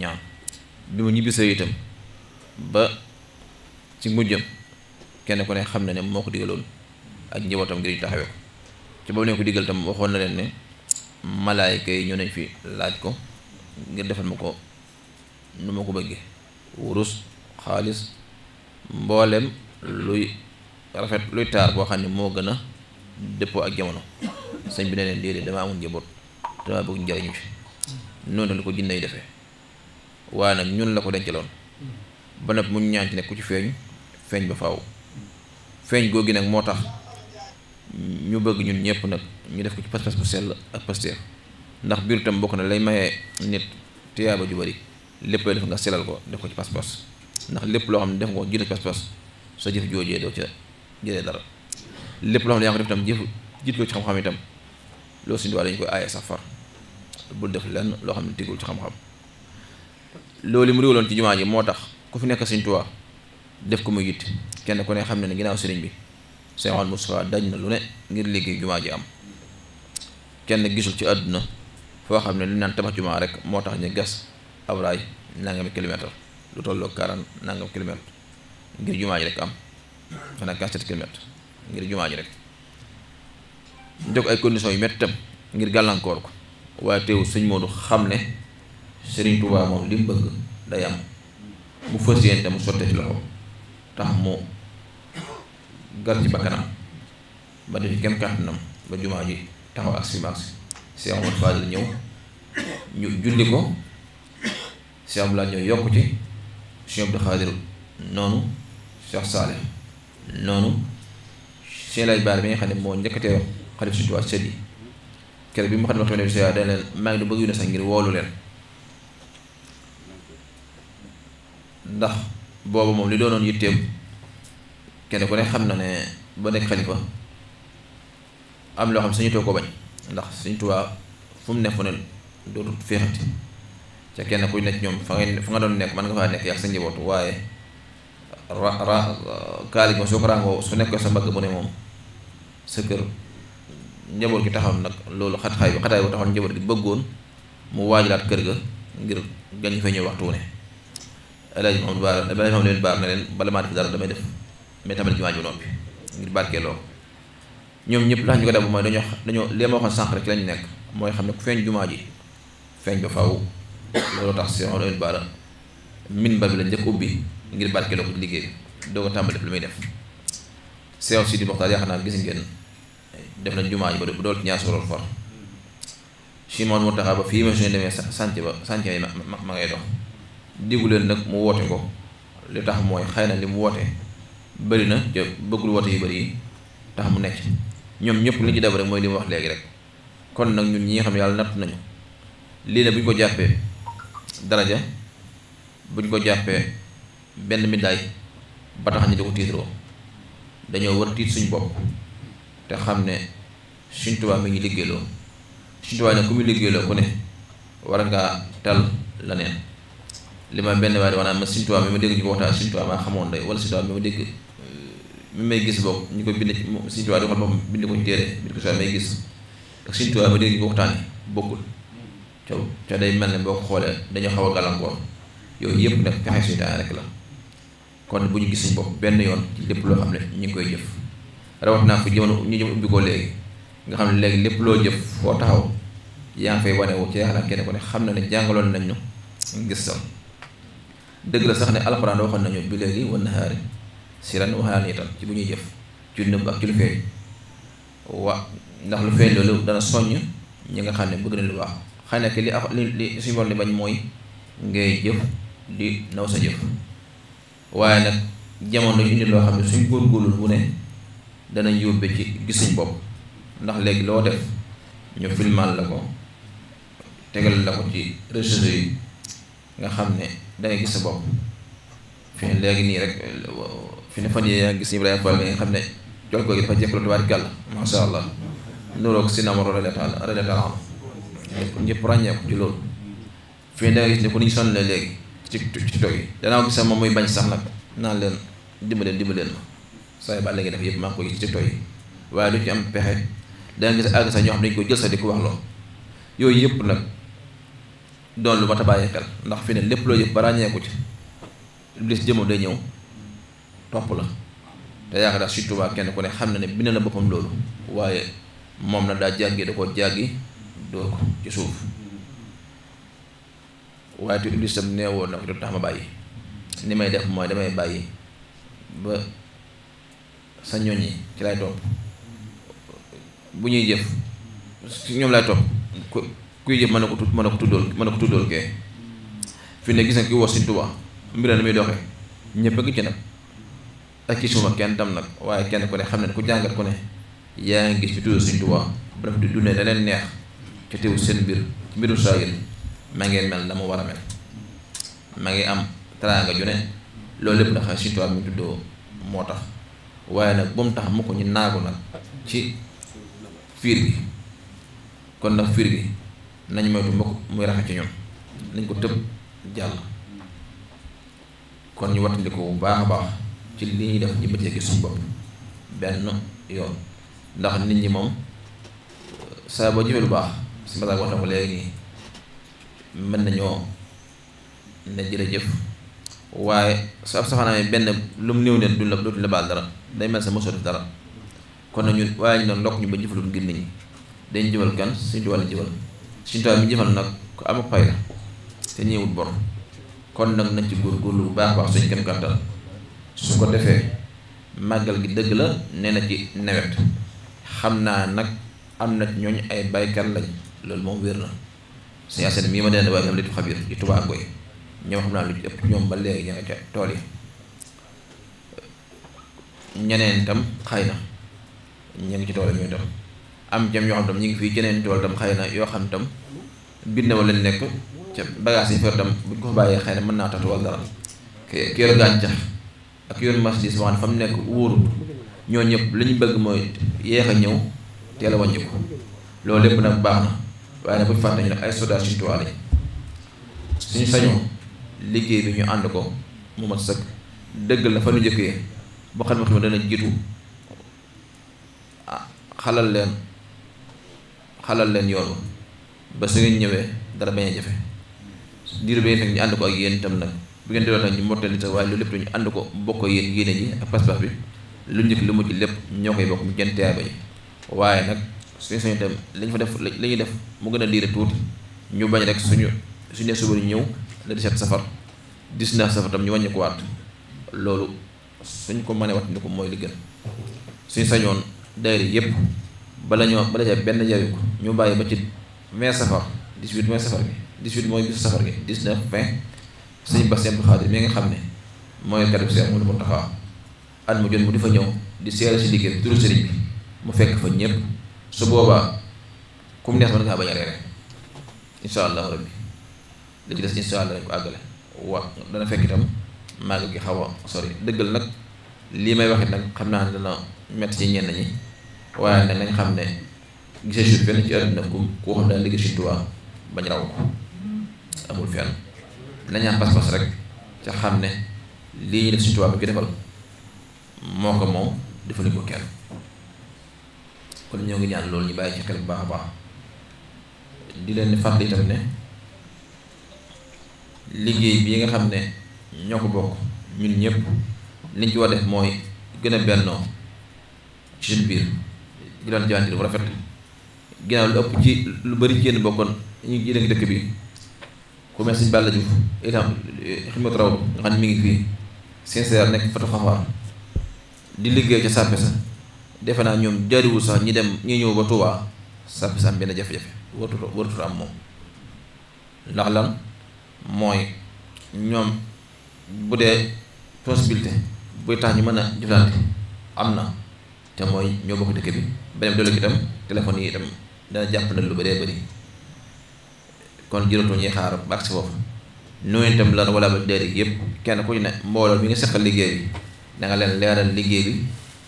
[SPEAKER 8] ñaan bi mu ñibbisee itam ba ci mujjam kenn ku ne xam ne ne moo ko digaloon ak njëwatam ngir ñu taxawee ko ci boobu ne ko digal tam waxoon na leen ne malaayka yi ñoo nañ fi laaj ko ngir defal ma ko nu ma ko bëggee wurus xaalis mboolem luy rafet luy taar boo xam ne moo gën a dëppoo ak jamono sëñ bi ne leen déedéet dama amul njaboot dama bëgg njariñu noonu la ko jinne yi defee waaye nag ñun la ko dencaloon ba nag mu ñaan ci ne ku ci feeñ feeñ ba faw feeñ googi nag moo tax ñu bëgg ñun ñëpp nag ñu def ko ci pas-pas bu sell ak pasteef ndax biir tam na lay mayee nit tiyaaba ju bari lépp lay def nga selal ko def ko ci pas-pas ndax lépp loo xam ne def nga ko jiitu pas-pas sa jëf joojee doo ca jëlee dara lépp loo xam ne yaa ngi ko def xam itam loolu suñu dañ koy aaye sax far bul def lenn loo xam ne tegul ci xam-xam loolu mu réwloon ci jumaa ji moo tax ku fi nekk Sëñ Tuubaa def ko muy yitt kenn ku ne xam ne ne ginnaaw sëriñ bi Sëñ Juan Mustafaa daj na lu ne ngir liggéey jumaa ji am kenn gisul ci àdduna foo xam ne li naan tabax jumaa rek moo tax ñu gas ab raay nangami kilomètre lu tolloo quarante nangam kilomètre ngir jumaa ji rek am xanaa 47 kilomètre ngir jumaa ji rek jóg ay conditions yu métti ngir gàllankoor ko waaye teew sëñ Modou xam ne Serigne Touba moom li bëgg day am bu fas yéene mu sottee ci loxo tax mu gar ci bakkanam ba def kenn kàttanam ba jumaa ji taxaw ak si maag si si Amadou ñëw ñu julli ko si laa ñëw yokk ci si Abdou Khadir noonu Cheikh Saleh noonu sëñ laaj baar bi nga xam ne moo njëkk a teew xalif surtout ak sët yi bi mu xam ne xam ne si waaye du bëgg yu ne sax ngir woolu leen ndax boobu moom li doonoon yitteem kenn ku ne xam na ne ba nekk xalifa am loo xam suñu too ko bañ ndax suñu tubaa fu mu ne fu ne dootul féexati ca kenn ku nekk ñoom fa nga fa doon nekk man nga faa nekk yàq sa njaboot waaye ra ra kaali ma soo ko ràngoo su nekk sa mbagg bu ne moom sa kër njaboot yu taxaw nag loolu xataay bi xataay bu taxoon njaboot gi bëggoon mu waajalaat kër ga ngir gañ fa ñëw waxtu wu ne El Hadj Mamadou Baar El Hadj Mamadou damay def mais tamit jumaa ji noppi ngir barkeeloo ñoom ñëpp la ñu ko def mooy dañoo dañoo li ma waxoon sànq rek lañu nekk mooy xam ne ku feeñ jumaa ji feeñ ba faaw loolu tax si Mamadou Baar minbar bi lañ njëkk ubbi ngir barkeeloo ko liggéey doo ko tàmbali def lu may def. Seex Sidi Moxtaar yaakaar naa gis ngeen def nañ jumaa yi ba dool ñaar sooroon far Chimon moo taxaa ba fii ma suñu demee sànc ba sànc ma ma ngay dox diggu leen nag mu woote ko li tax mooy xay na li mu woote bëri na te bëggul woote yu bëri yi tax mu nekk ñoom ñëpp li ci dab rek mooy li mu wax léegi rek kon nag ñun ñi nga xam yàlla natt nañu lii ne bu ñu ko jàppee daraja bu ñu ko jàppee benn middaay ba tax ñu ko tiitroo dañoo war tiit suñ bopp te xam ne suñ tubaab mi ngi liggéeyloo suñ tubaab ne ku muy liggéeyloo ku ne war ngaa tal la neen li ma benn waaye maanaam ma suñ ma dégg ñu ko waxtaan maa xamoon day wala suñ tubaab mi ma dégg gis boog ñu ko bind suñ tubaab di waxal ko ci téere bind may gis ak suñ ma dégg ñu ko waxtaan bokkul ca ca day mel ne boo ko xoolee dañoo xaw a gàllankoor yooyu yëpp nag pexe rek la kon bu ñu gis suñu bopp benn yoon ci lépp loo xam ne ñu ngi koy jëf rawat naa ko jamono ñu jëm ubbi ko léegi nga xam ne léegi lépp loo jëf foo taxaw yaa ngi fay wane wu ci xalaat kenn xam na ne jàngaloon nañ ñu gis sam dëgg la sax ne alxuraan waxoon nañu bi léegi wa nahaari siran wa haniitan ci bu ñuy jëf ci nëbb ak ci lu feeñ wa ndax lu feeñ loolu dana soññ ñi nga xam ne bëgg na lu baax xëy na li suñu borom bañ mooy ngay jëf di naw sa jëf waaye nag jamono yu indi loo xam ne suñ góorgóorlu bu ne danañ yóbbe ci gisuñ bopp ndax léegi loo def ñu filmal la ko tegal la ko ci réseaux yi nga xam ne dangay gis sa bopp léegi nii rek fi ne fan yii yaa gis Ibrahima Fall nga xam ne jox ko gi dafa jekk loolu tabaarkalla masha allah nuroog si naamoro radiallahu anhu ñëpp ràññeeku ci loolu fi ne dangay gis ne ku ñu sonn léegi ci ci dog yi danaa ko gis sax moom muy bañ sax nag naan leen dimbaleen dimbaleen ma saa yu ba léegi def yëpp maa ngi koy gis ci dog yi waaye du ci am pexe danga gis àgg sax ñoo xam dañ ko jël sax di ko wax loo yooyu yëpp nag doon lu mat a bàyyi ndax fi ne lépp loo yëpp ba ràññeeku ci lu iblis jëmam day ñëw topp la te yaakaar daal surtout waa kenn ku ne xam na ne bind na boppam loolu waaye moom na daa jàggi da koo jàggi dóor ko ci suuf waaye te iblis tam nee woon ko du tax ma bàyyi ni may def mooy damay bàyyi ba sa ñoñ yi ci lay topp bu ñuy jëf ci ñoom lay topp ku kuy jëf mën na ko tudd ko tuddool mën na ko tuddool kee fi ne gis nga ki woo Sëñ Tuubaa mbira na muy doxee ñëpp a ngi ci nag ak ci suma kenn tam nag waaye kenn ko ne xam ne ku jàngat ko ne yaa ngi gis ci tudd Sëñ Tuubaa bu def di dundee da leen neex ca teew seen mbir mbiru saa yéen ma ngeen mel na mu war a mel ma ngi am teraanga ju ne loolu lépp ndax situation bi tuddoo moo tax waaye nag bu mu tax mu ko ñu naagu nag ci fiir gi kon nag fiir gi nañ moytu mbokk muy raxa ci ñoom nañ ko tëb jàll kon ñu wattandiku bu baax baax ci li ñuy def ñu bëccee gis suñu bopp benn yoon ndax nit ñi moom saa boo jëfee lu baax si mbataag waxta ko léegi mën nañoo ne jërëjëf waaye su ab saxaanaamee benn lu mu néew leen du la dootu la baal dara day mel sa mosoo def dara kon nag ñun waaye ñu doon ndokk ñu ba jëfalul ngir nit ñi dañ jëfal kan suñ tubaab jëfal suñ tubaab mi jëfal nag ku am ak pay la te ñëwut bor kon nag nañ ci góorgóorlu bu baax baax suñ kenn kàttan su ko defee màggal gi dëgg la nee na ci nawet xam naa nag am na ñooñu ay baykat lañ loolu moom wér na suñu mii ma dend waaye am litu xabir di tubaab koy ñoom xam naa lu ci ëpp ñoom ba léegi ña nga tool yi ñeneen tam xëy na ñu ngi ci tool ñoom tam am jam yoo xam tam ñu ngi fii jeneen tool tam xëy na yoo xam tam bind ma leen nekk ca bagage yi tam buñ ko fa bàyyee xëy mën naa tax wal dara ki ak yor marchandise boo xam nekk wóorut ñoo ñëpp li ñu bëgg mooy yeex a ñëw teel a wàññi ko loolu lépp nag baax na waaye nag bu ñu fàtte ñu ne ay soldat Sëriñ Tuubaa lañ suñu sañoo liggéey bi ñu ànd ko mu mat sëkk dëgg la fa nu njëkkee ba xam ne xam ne dana jiitu ah, xalal leen xalal leen yoonu ba su ngeen ñëwee dara bañ a jafe diir ba ñu ànd ko ak yéen itam nag bu ngeen delloo nag ñu mottali sax waaye loolu lépp ñu ànd ko bokk yéen yéene ji ak pas bi lu njëkk lu mujj lépp ñoo koy bokk mu jën teyaaba ji waaye nag suñu sañu tam lañ fa def li ñuy def mu gën a liire tuuti ñu bañ rek suñu suñu nee suba ñëw le 17 safar 19 safar tam ñu wàññi ko waat loolu suñ ko mënee wat ni ko mooy li gën suñu sañoon daayira yépp bala ñoo bala ca benn jariñ ko ñu bàyyi ba ci 20 safar 18 mooy safar bi 18 mooy bisu safar bi 19 20 suñu Bass Abdou Khadre mi ngi xam ne mooy kàddu si amul mu taxaw at mu jot mu di fa ñëw di seere si liggéey turu sëriñ bi mu fekk fa ñëpp su boobaa ku mu neex mën ngaa bañ a reere incha allahu rabbi da ci des incha allah dañ ko àggale wa dana fekk itam màggal gi xaw a sori dëggal nag lii may waxit nag xam naa ne dana métti ci ñeen nañu waaye nag nañ xam ne gisee suuf fenn ci àdduna ku koo xam daa liggéey Sëriñ Tuubaa bañ raw ko amul fenn nañaan pas rek ca xam ne lii ñu def Sëriñ Tuubaa bi ko defal moo ko moom defaluñ ko kenn kon ñoo ngi ñaan loolu ñu bàyyi ci xel bu baax a baax di leen fàttali tamit ne liggéey bii nga xam ne ñoo ko bokk ñun ñëpp liñ ci def mooy gën a bennoo ci suñu biir di leen jaanti mu rafet ginnaaw lu ëpp ci lu bari ci yéen bokkoon ñu ngi dëkk dëkk bi ku mel si Balla Diouf itam ximatu eh, raw nga xam ne mi ngi fii sincère nekk fatu xafaar di liggéey ca sàppe sa defe naa ñoom jariwul sax ñi dem ñi ñëw ba Touba sàppi sam benn jafe-jafe wartuta wartuta am moom ndax lan mooy ñoom bu dee possibilité buy tax ñu mën a jëflante am na te mooy ñoo bokk dëkk bi beneen doole itam téléphone yi itam dana jàpp na lu bëree bëri kon jërëtu ñuy xaar ba agsi foofu noonu itam lan wala ba déedéet yëpp kenn ku ñu ne mbooloo mi nga seqal liggéey bi da leen leeral liggéey bi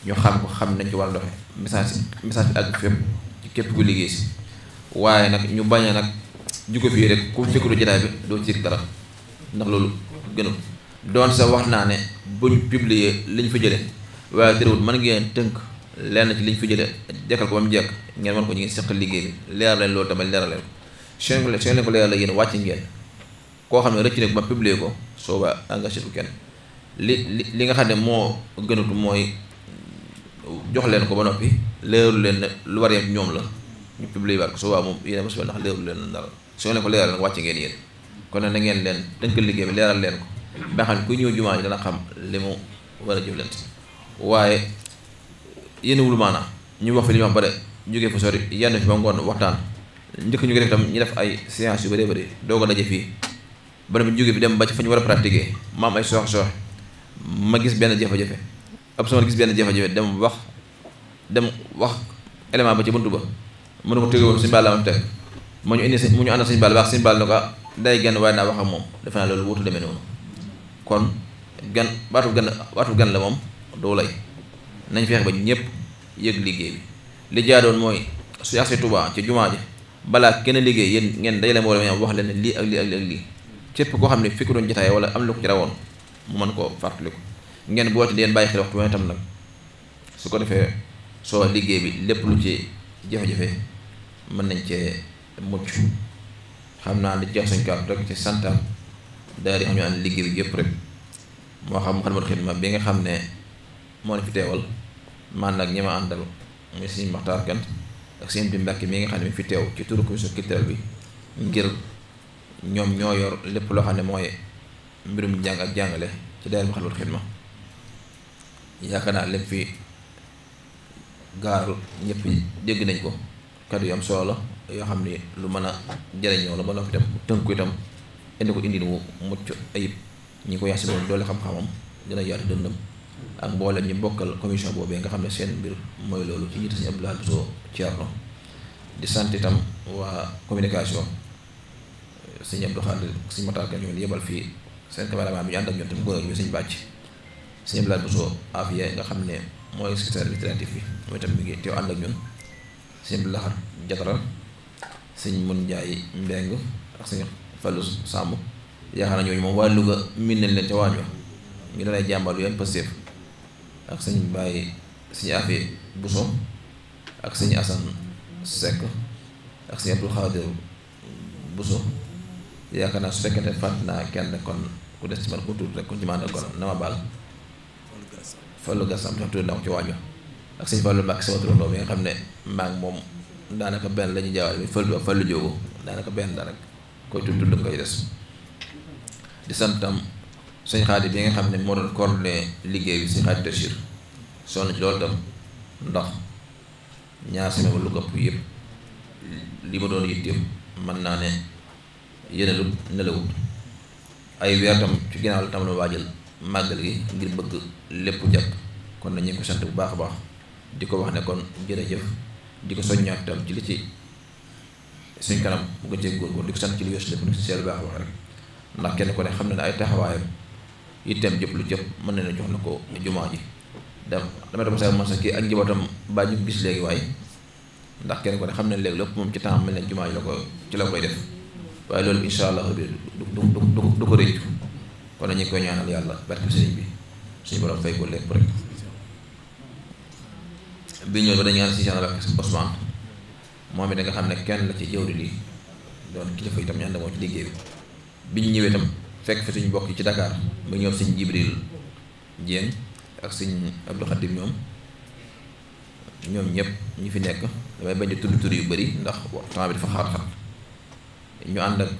[SPEAKER 8] ñu xam ko xam nañ ci wàllu doxe message message bi àgg fépp ci képp ku liggéey si waaye nag ñu bañ a nag jugo fii rek ku fekkulu jotaay bi doo ci dara ndax loolu gënu doon sa wax naa ne buñ publier liñ fa jële waaye terewul man ngeen tënk lenn ci liñ fa jële dekkal ko ba mu jekk ngeen mën ko ñu ngi seq liggéey bi leeral leen loolu tamit leeral leen ko seen leen ko leeral la yéen wàcc ngeen koo xam ne rëcc na ba publier ko soo ba engagé kenn li li nga xam ne moo gënatu mooy jox leen ko ba noppi leeru leen ne lu war yem ñoom la ñu publier waat ko su boobaa moom yéen mos ndax leeru leen dara su ngeen ko leeral nag wàcc ngeen yéen kon nag na ngeen leen tënkal liggéey bi leeral leen ko ba xam ku ñëw jumaa ji dana xam li mu war a jëflante waaye yéen wul ñu wax fi li ñu wax ba jógee fa sori yenn fi ba ngoon waxtaan njëkk ñu ngi def tam ñu def ay séance yu bëree bëri doo ko daje fii ba noppi jógee fi dem ba fa ñu war a pratiquer ma am ay soox soox ma gis benn jafe-jafe ab sama gis benn jafe-jafe dem wax dem wax élément ba ci buntu ba mu ne ko tëgg woon suñu baal la ma teg mu ñu indi mu ñu ànd suñu baal baax suñu baal ne ko day genn waaye naa wax ak moom def naa loolu wutu demee noonu kon gan baatu gan baatu gan la moom doo lay nañ feex ba ñëpp yëg liggéey bi li jaadoon mooy su yàqee Tuubaa ci jumaa ji balaa kenn liggéey yéen ngeen day la mbooloo mi wax leen lii ak lii ak lii ak lii képp koo xam ne fekk doon jotaay wala am lu ko ci rawoon mu mën koo fàttaliku ngeen boote di leen bàyyi xel waxtu wane tam nag su ko defee soo liggéey bi lépp lu ci jafe-jafe mën nañ cee mucc xam naa di jox suñ kàddu rek ci santaan daal di xam ñu ànd liggéey bi yëpp rek moo xam Moukhaddamatoul Khidma bi nga xam ne moo ne fi teewal man nag ñi ma àndal muy suñu Maxtaar Kant ak seen bi Mbàkke mi nga xam ne mi fi teew ci turu commission culturelle bi ngir ñoom ñoo yor lépp loo xam ne mooy mbirum jàng ak jàngale ci daayira Moukhaddamatoul Khidma yaakaar naa lépp fi gaaru ñëpp dégg nañ ko kaddu yu am solo la yoo xam ne lu mën a jëriñoo la ba noppi itam tënku itam indi ko indi wu mucc ayib ñi ko yaasi loolu doole xam-xamam dina yaatu dëndam ak mboolem ñu bokkal commission boobee nga xam ne seen mbir mooy loolu ci njiitu Sëñ Abdou Lahad Bousso Thierno di sant itam waa communication Sëñ Abdou Khadre Sëñ Matar Ka ñoo yebal fii seen caméraman bi ñu ànd ak ñoom tam góor bi Sëñ Bàcc sëñ Blaat Bousso nga xam ne mooy secrétaire administratif bi mooy tam mi ngi teew ànd ak ñun sëñ Blaat Jatara sëñ Mun Njaay Mbeng ak sëñ Fallu Sàmb yaakaar moom waa Louga miin nañ leen ca wa ngi dalay jàmbaar yu am ak sëñ Baye sëñ Afia ak sëñ Assane Seck ak sëñ Abdul Xaadir Bousso yaakaar naa su fekkente fàtt naa kenn kon ku des ci man ku tuut rek ku ci maanaam kon na ma baal Fallou Gassam jox tuuti naa ko ci waañu ak sëñ Fallou Mbacke sama turandoo bi nga xam ne maa ngi moom daanaka benn la ñuy jaawale bi Fallou ak Fallou Diogo daanaka benn dara koy tudd tudd koy des di santam sëñ Xaadi bi nga xam ne moo doon coordonné liggéey bi sëñ Xaadi Tachir ci loolu tam ndax ñaar semaine ba lu gëpp yëpp li ma doon yit yëpp mën naa ne yénelut nelawut ay weer tam ci ginnaaw la tam la waajal màggal gi ngir bëgg lépp jàpp kon na nañu ko sant bu baax a baax di ko wax ne kon jërëjëf di ko soññaat tam ci li ci suñ kanam bu ko cee góorgóor di ko sant ci lu weesu lépp lu si seetlu baax a rek ndax kenn ko ne xam na ne ay taxawaayam itteem jëpp lu jëpp mën na ne jox na ko jumaa ji dem dama dama sa man kii ak njabootam baa ñu gis léegi waaye ndax kenn ko ne xam ne léegi lépp moom ci temps mel ne jumaa ji la ko ci la koy def waaye loolu incha allah du du du du ko réccu kon nañu koy ñaanal yàlla barke sëriñ bi suñu borom fay ko lépp rek bi ñëw ba dañu nga xam ne kenn la ci jëwri lii doon kilifa itam ñu ànd moo ñëwee itam fekk fi suñu bokk yi ci Dakar ba ñoom suñ Jibril ñoom ñoom ñëpp ñu fi nekk damay bañ tudd tur yu bëri ndax dafa xaar ñu ànd ak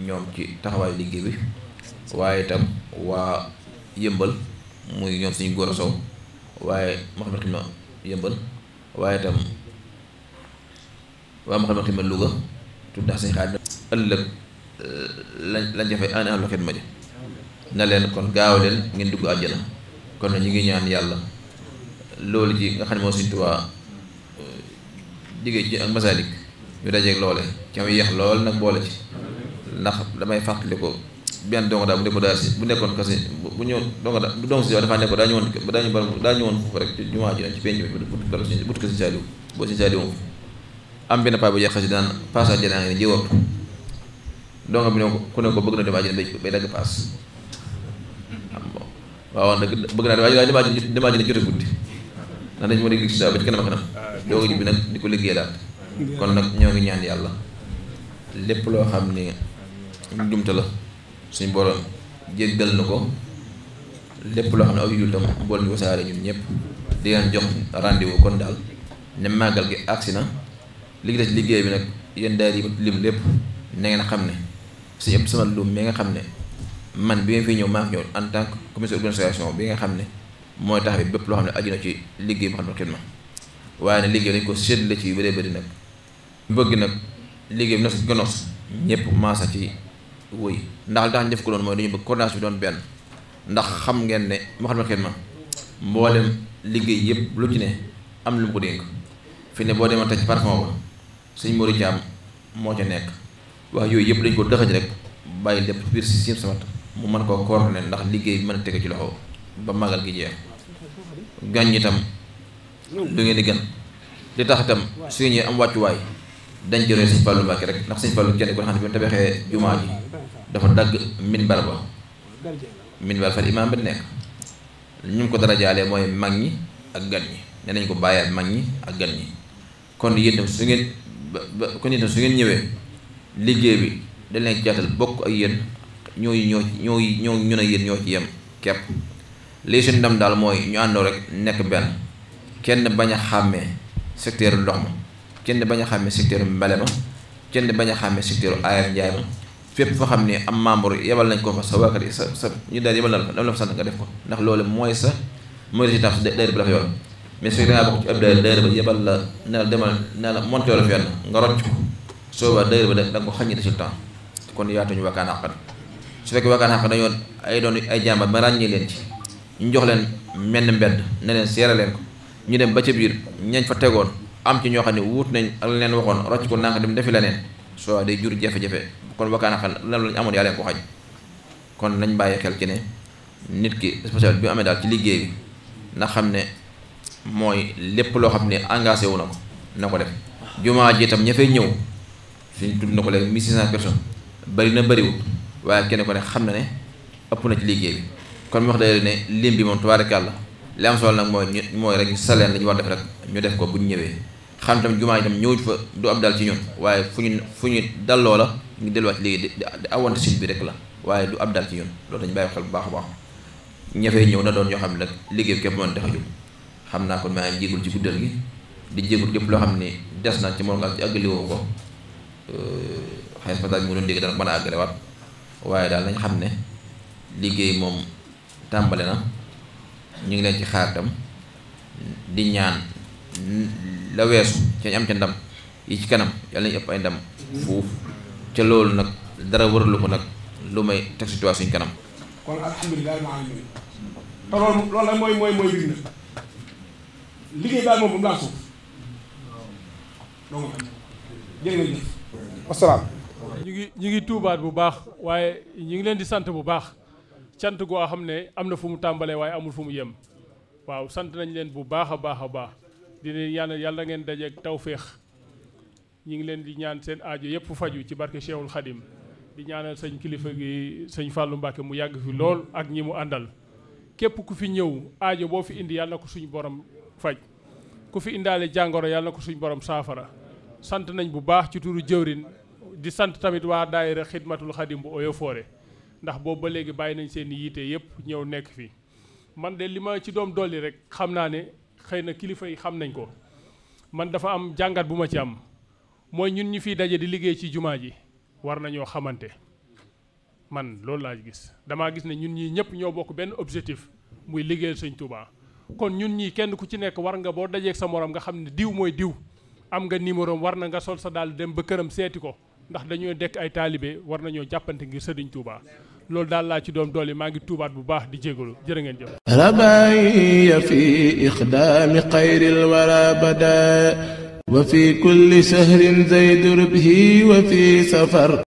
[SPEAKER 8] ñoom ci taxawaayu liggéey bi waaye itam waa yëmbal muy ñoom suñu góor sow waaye Mouhamed Xidma yëmbal waaye itam waa Mouhamed Xidma Louga tudd naa suñu xaaj ëllëg euh, lañ lañ jafe aane am la xidma ji na leen kon gaaw leen ngeen dugg àjjana kon na ñu ngi ñaan yàlla loolu ji nga xam ne moo suñu Tuubaa jigéen euh, ji ak masalik ñu dajeeg loole ci am yeex lool nag boole ci ndax damay fàttali ko benn dongo daal bu nekkoon daal si bu nekkoon kase bu ñëwoon dongo daal bu dongo si dafa nekkoon daa ñëwoon daa ñu bar daa ñëwoon foofu rek jumaa ji ci penc bi baro butu ko si saaliw boo si saaliw am benn paa bu jeex xasi daan passage janaa ngi ne jiwatu dongo ku ne ko bëgg na dem àjjana bay dagg paas waaw waaw nag bëgg naa waaye damaa damaa jënd jot a guddi ndax dañ ma di gis daal ba ci kanam ak kanam doo ko jubbi nag di ko liggéey laal kon nag ñoo ngi ñaan yàlla lépp loo xam ne njumte la suñ borom jéggal na ko lépp loo xam ne aw yiw tam bool ñu wasaare ñun ñëpp di leen jox rendez kon daal ne màggal gi agsi na li ngi liggéey bi nag yéen daal yi lim lépp na ngeen xam ne suñu ëpp sama lum mi nga xam ne man bi nga fi ñëw maa ngi ñëw en tant que commissaire organisation bi nga xam ne mooy tax bi bépp loo xam ne aju na ci liggéey bu xam ne xidma waaye ne liggéey dañ ko séddale ci yu bëree bëri nag bëgg nag liggéey bi nos gi nos ñëpp maasa ci woy ndax li tax ñu def ko doon mooy dañu bëgg coordination bi doon benn ndax xam ngeen ne ma xam ne xel ma mboolem liggéey yépp lu ci ne am lu mu ko dénk fi ne boo demee tey ci parfum ba sëñ Mori moo ca nekk wax yooyu yëpp dañ ko dëxëj rek bàyyi lépp biir si sim samat mu mën koo coordonné ndax liggéey mën a ci loxo ba magal gi jeex gàññ itam lu ngeen di gën li tax itam su ñëwee am wàccuwaay dañ jëlee sëñ Fallou Mbacke rek ndax sëñ Fallou kenn ko xam ne bi mu jumaa ji dafa dagg minbar ba minbar fa imaam ba nekk ñu ngi ko darajaalee mooy mag ñi ak gan ñi nee nañ ko bàyyaat mag ñi ak gan ñi kon yéen tam su ngeen ba kon yéen tam su ngeen ñëwee liggéey bi dañ leen jaatal bokk ak yéen ñooy ñoo ñooy ñoo ñu ne yéen ñoo ci yem kepp lii suñu ndam daal mooy ñu àndoo rek nekk benn kenn bañ a xàmmee secteur ndox ma kenn bañ a xàmmee secteur mbale ma kenn bañ a xàmmee secteur aayam njaay ma fépp foo xam ne am membre yebal nañ ko fa sa waakat yi sa sa ñu daal yebal na la fa sant nga def ko ndax loolu mooy sa mooy résultat daayira bi la fa yoon mais su dangaa la demal ne la monté la fa yoon nga rocc ko sooba daayira ba da ko xaññi résultat kon yaatuñu wakkaan àqan su fekkee wakkaan àqan dañoo ay doon ay jàmbat ba ràññee leen ci ñu jox leen menn mbedd ne leen seera leen ko ñu dem ba ca biir ñañ fa tegoon am ci ñoo xam ne wuut nañ ak leen waxoon rocc ko naa dem defi leneen soo day jur jafe-jafe kon wakkaana xal lan lañu amoon yàlla ko xaj kon nañ bàyyi xel ci ne nit ki spécial bi mu amee daal ci liggéey bi na xam ne mooy lépp loo xam ne engagé wu na ko na ko def jumaa ji itam ña ñëw suñ tudd na ko léegi mille six cent personnes na bëriwul waaye kenn ko ne xam na ne ëpp na ci liggéey kon mi wax dëgg ne lim bi moom tubaarikàlla li am solo nag mooy mooy rek ñu saleen la ñu war def rek ñu def ko bu ñu ñëwee xam tam jumaa itam ñëwuñ fa du ab dal ci ñun waaye fu ñu fu ñu dalloo la ñu delluwaat léegi di awante sin bi rek la waaye du ab dal ci ñun loolu dañu bàyyi xel bu baax baax ñafee ñëw na doon ñoo xam ne nag liggéey képp mën tax xam naa kon maa ngi jégul ci guddal di lépp loo xam ne des na ci moom nga ci àggali woo ko euh, xëy na mu doon dégg dana mën a waaye daal nañ xam ne liggéey moom tàmbali na ñu ngi leen ci xaar tam di ñaan la weesu ca ñu am ca ndam yi ci kanam yàlla nañu ëpp ay ndam foofu ca loolu nag dara waralu ko nag lu may teg situation suñ
[SPEAKER 6] mooy mooy mooy bu mu
[SPEAKER 4] ñu ngi ñu ngi tuubaat bu baax waaye ñu ngi leen di sant bu baax sant goo xam ne am na fu mu tàmbalee waaye amul fu mu yem waaw sant nañ leen bu baax a baax a baax di yàlla yàlla na ngeen dajeeg tawféex ñu ngi leen di ñaan seen aajo yëpp faju ci barke Cheikhul Khadim di ñaanal sëñ kilifa gi sëñ Fallou Mbacke mu yàgg fi lool ak ñi mu àndal képp ku fi ñëw aajo boo fi indi yàlla na ko suñu borom faj ku fi indaale jàngoro yàlla na ko suñ borom saafara sant nañ bu baax ci turu jëwrin di sant tamit waa daayira xidmatul xadim bu Oyofoore ndax boobu ba léegi bàyyi nañ seen yiite yëpp ñëw nekk fi man de li ma ci doom dolli rek xëy na kilifa yi xam nañ ko man dafa am jàngat bu ma ci am mooy ñun ñu fiy daje di liggéey ci jumaa ji war nañoo xamante man loolu laa gis damaa gis ne ñun ñii ñëpp ñoo bokk benn objectif muy liggéeyal sëñ Touba kon ñun ñii kenn ku ci nekk war nga boo dajeeg sa moroom nga xam ne diw mooy diw am nga numéro war na nga sol sa daal dem ba këram seeti ko ndax dañoo dekk ay taalibe war nañoo jàppante ngir sëriñ Touba. loolu daal laa ci doom dool yi maa ngi tuubaat bu baax di jégalu jërë ngeen jëf
[SPEAKER 1] rabaayi fi ixdaami xayril wara bada wa fi kulli sahrin zayd rubhi wa fi safar